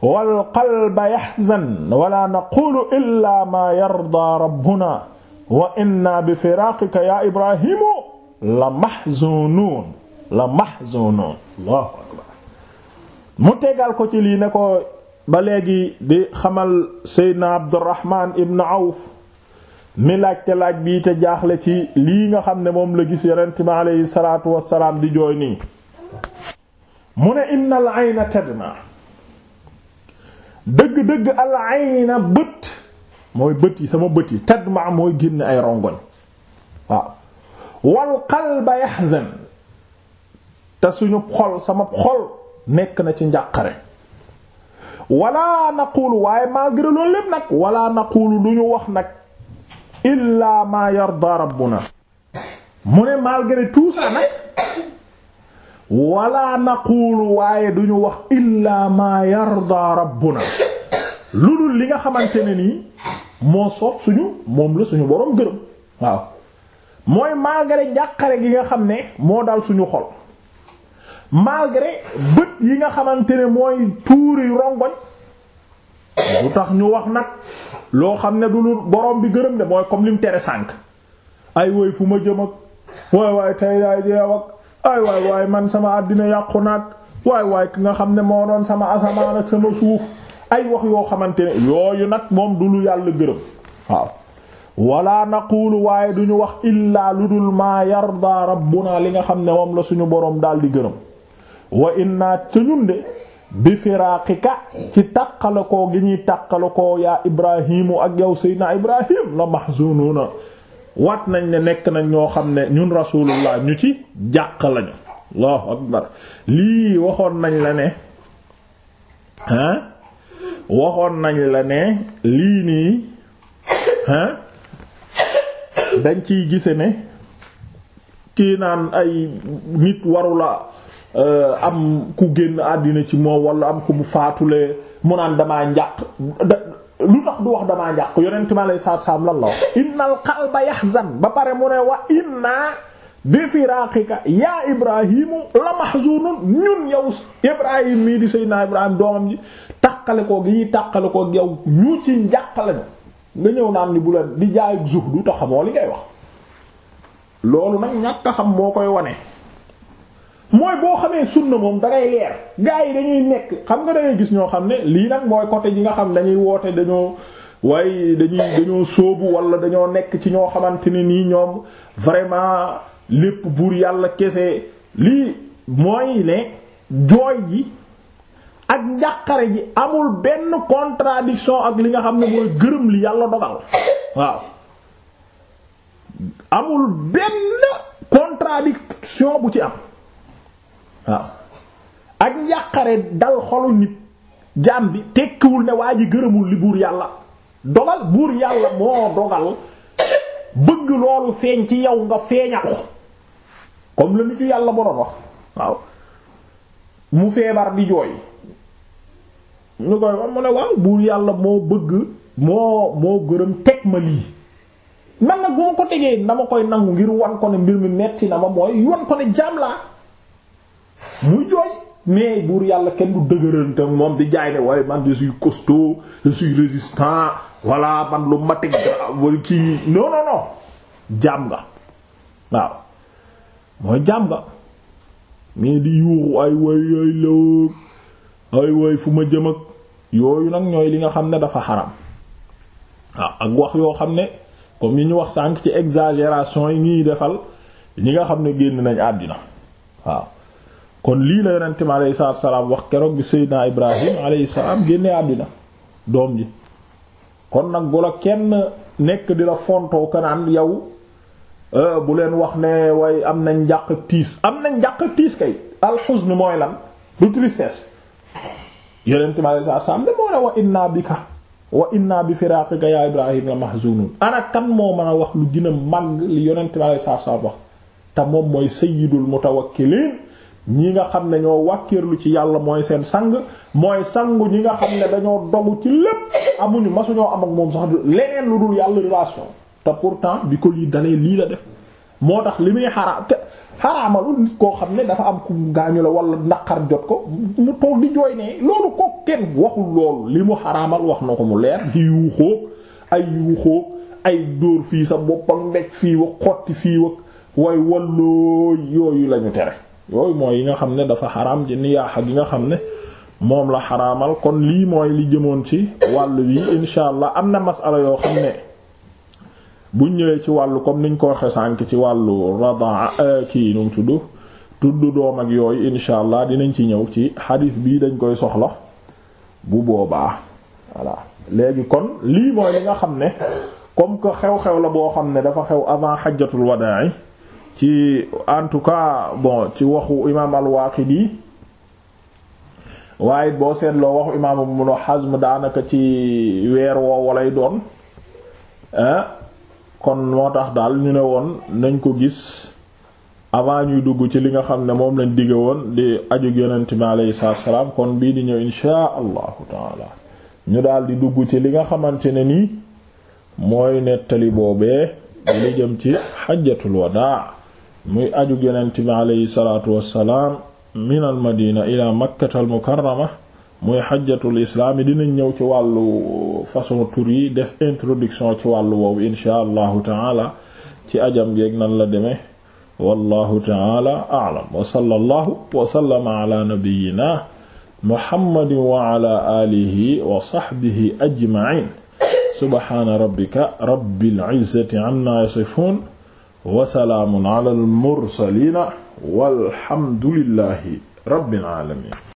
wal qalba yaxzan wala naqulu illa ma yarda rabbuna wa inna bi firaaqika ya ibrahimu la mahzunuun la mahzunuun allahu akbar mu tegal ko ci lii ne ko ba léegi di xamal seydna abdurrahman ibn auf mi laajte laaj bii te jaaxle ci lii nga xam ne moom la gis yonent bi aleyhi salaatu wassalaam di jooy nii mu ne innal ayna tadma dëgg-dëgg al ayna bët mooy bët yi sama bët yi tadma mooy génn ay rongoñ waaw wal qalba yahzan te suñu xol sama xol nekk na ci njàqare wala naqulu waaye malgré loolu lépp nag wala naqulu du ñu wax nag illa ma yarda na mu ne malgré tout ça nag wala naqulu waaye du wax illa ma yarda rabbuna lu dul li nga xamante ne nii moo soob suñu moom la suñu boroom gërëm waaw mooy malgré njàqare gi nga xam ne moo dal suñu xol malgré bët yi nga xamante ne mooy tuuri rongoñ bu tax ñu wax nag loo xam ne du lu borom bi gërëm ne mooy comme lim tere sànk ay woy fu ma jëm ak waay waay tey daay man sama àddina yàqu naag ki nga xam ne moo doon sama sama suuf ay wax yoo xamante ne yooyu nag moom du lu yàlla gërëm waaw wala naqulu waaye duñu wax illaa lu dul maa yarda rabbuna li nga xam ne moom la suñu borom daal di gërëm wa inna ca ñun de bi firaaqika ci tàqala koo gi ñuy tàqala koo yaa ibrahimu ak yow seydina ibrahim la mahzununa waat nañ ne nekk nañ ñoo xam ne ñun rasulullah ñu ci jàq lañu allahu akbar lii waxoon nañ la ne ah waxoon nañ la ne lii nii ah dañ ciy gise ne kii naan ay nit warula Euh, am ku génn àddina ci moom wala am ku mu faatule mu naan damaa njàq lu tax du wax damaa njàq yonent ma lay saat saam lan la wax innal qalba yahzan ba pare mu ne wa inna bi firaqika yaa ibrahimu la mahzunun ñun yow ibrahim mii di sayyidina ibrahim doomam ji tàqale gi ñuy tàqale ko yow ñu ci njàq lañu nga ñëw naan ni bu leen di jaay zuhdu te xamoo li ngay wax loolu nag ñàkk xam moo koy wane mooy boo xamee sunna moom da ngay leer gars yi dañuy nekk xam nga da gis ñoo xam ne lii nag mooy côté ji nga xam dañuy woote dañoo waaye dañuy dañoo sóobu wala dañoo nekk ci ñoo xamante ne nii ñoom vraiment lépp buur yàlla kese lii mooy ne jooy ji ak njàqare ji amul benn contradiction ak li nga xam ne mooy gërëm li yàlla dogal waaw amul benn contradiction bu ci am waaw ak njàqare dal xolu nit jaam bi tekkiwul ne waa ji gërëmul li buur yàlla dogal buur yàlla moo dogal bëgg loolu feeñ ci yow nga feeñal ko comme la nitu yàlla borom wax waaw mu feebar di jooy ñu koy wax mu ne waaw buur yàlla moo bëgg moo moo gërëm teg ma lii nan nag bu ko tegee na ma koy nangu ngir wan ko ne mbir mi metti na ma mooy wan ko ne jaam laa mu jooy mais buur yàlla kenn du dëgërante moom di jaay ne waaye man je suis costaud je suis résistant man lu matig wala kii non non non jaam waaw mooy jaam nga mais di yuuxu ay way ay law ay way fu ma jëm ak yooyu nag ñooy li nga xam ne dafa xaram waaw ak wax yoo xam ne comme yi ñu wax sànq ci exageration yi ñuy defal ñi nga xam ne génn nañ àddina waaw kon lii la yonent mi aleyhi salaatu salaam wax keroog bi Seydina Ibrahim aleyhi salaam génne àddina doom ji kon nag bu la kenn nekk di la fontoo kanaan yow euh, bu leen wax ne way am na njàq tiis am na njàq tiis kay alxusn mooy lan du tristesse yonent mi aleyhi salaatu salaam de moo ne wa inna bika wa inna bi firaaqika yaa Ibrahim la mahzunun ana moo mën a wax lu gën a màgg li yonent mi aleyhi salaatu salaam wax te moom mooy sayyidul mutawakkiliin ñi nga xam ne ñoo wàkkiirlu ci yàlla mooy seen sang mooy sangu ñi nga xam ne dañoo dogu ci lépp amuñu masuñoo am ak moom sax leneen lu dul yàlla relation te pourtant bi ko lii dalee lii la def moo tax li muy xaraam te xaraamalul nit koo xam ne dafa am ku gaañu la wala naqar jot ko mu toog di jooy ne loolu ko kenn waxul loolu li mu xaraamal wax na ko mu leer di yuuxoo ay yuuxoo ay dóor fii sa bopp ak fii wa xotti fii wa way walloo yooyu lañu tere yooyu mooy yi nga xam ne dafa xaraam ci niyaaxa gi nga xam ne moom la xaraamal kon lii mooy li jëmoon ci wàll wi insha allah am na masala yoo xam ne buñ ñëwee ci wàllu comme niñ ko waxee sànk ci wàllu radaa euh, kii nu mu tudd tudd doom ak yooyu insha allah dinañ ci ñëw ci xadiis bii dañ koy soxla bu boobaa voilà léegi kon lii mooy nga xam ne comme que xew-xew la boo xam ne dafa xew avant xajjatul wadaa ci en tout cas bon ci waxu imaam al-Waaqidi waaye boo seetloo waxu imaam Ibn Hazm daanaka ci weer woowu lay doon eh? kon moo tax daal ñu ne woon nañ ko gis avant ñuy dugg ci li nga xam ne moom lañ digge woon di aju yonent bi alayhi salaam kon bii di ñëw inshaa allahu taala ñu daal di dugg ci li nga xamante ne nii mooy nettali boobee li jëm ci xajjatul wadaa muy aju yonent bi aleyhi salaatu wassalaam min al madina ila makkata al mukarrama muy xajjatul islaam yi dinañ ñëw ci wàllu façon tur yi def introduction ci wàllu woowu insha allahu taala ci ajam geeg nan la demee wallahu taala a'lam wa sallallahu wa sallama ala nabiyyina muhammadin wa ala alihi wa sahbihi ajma'in subhana rabbika rabbil izzati amma yasifun wasalaamun ala al mursaliina walhamdulillahi rabbil aalamiin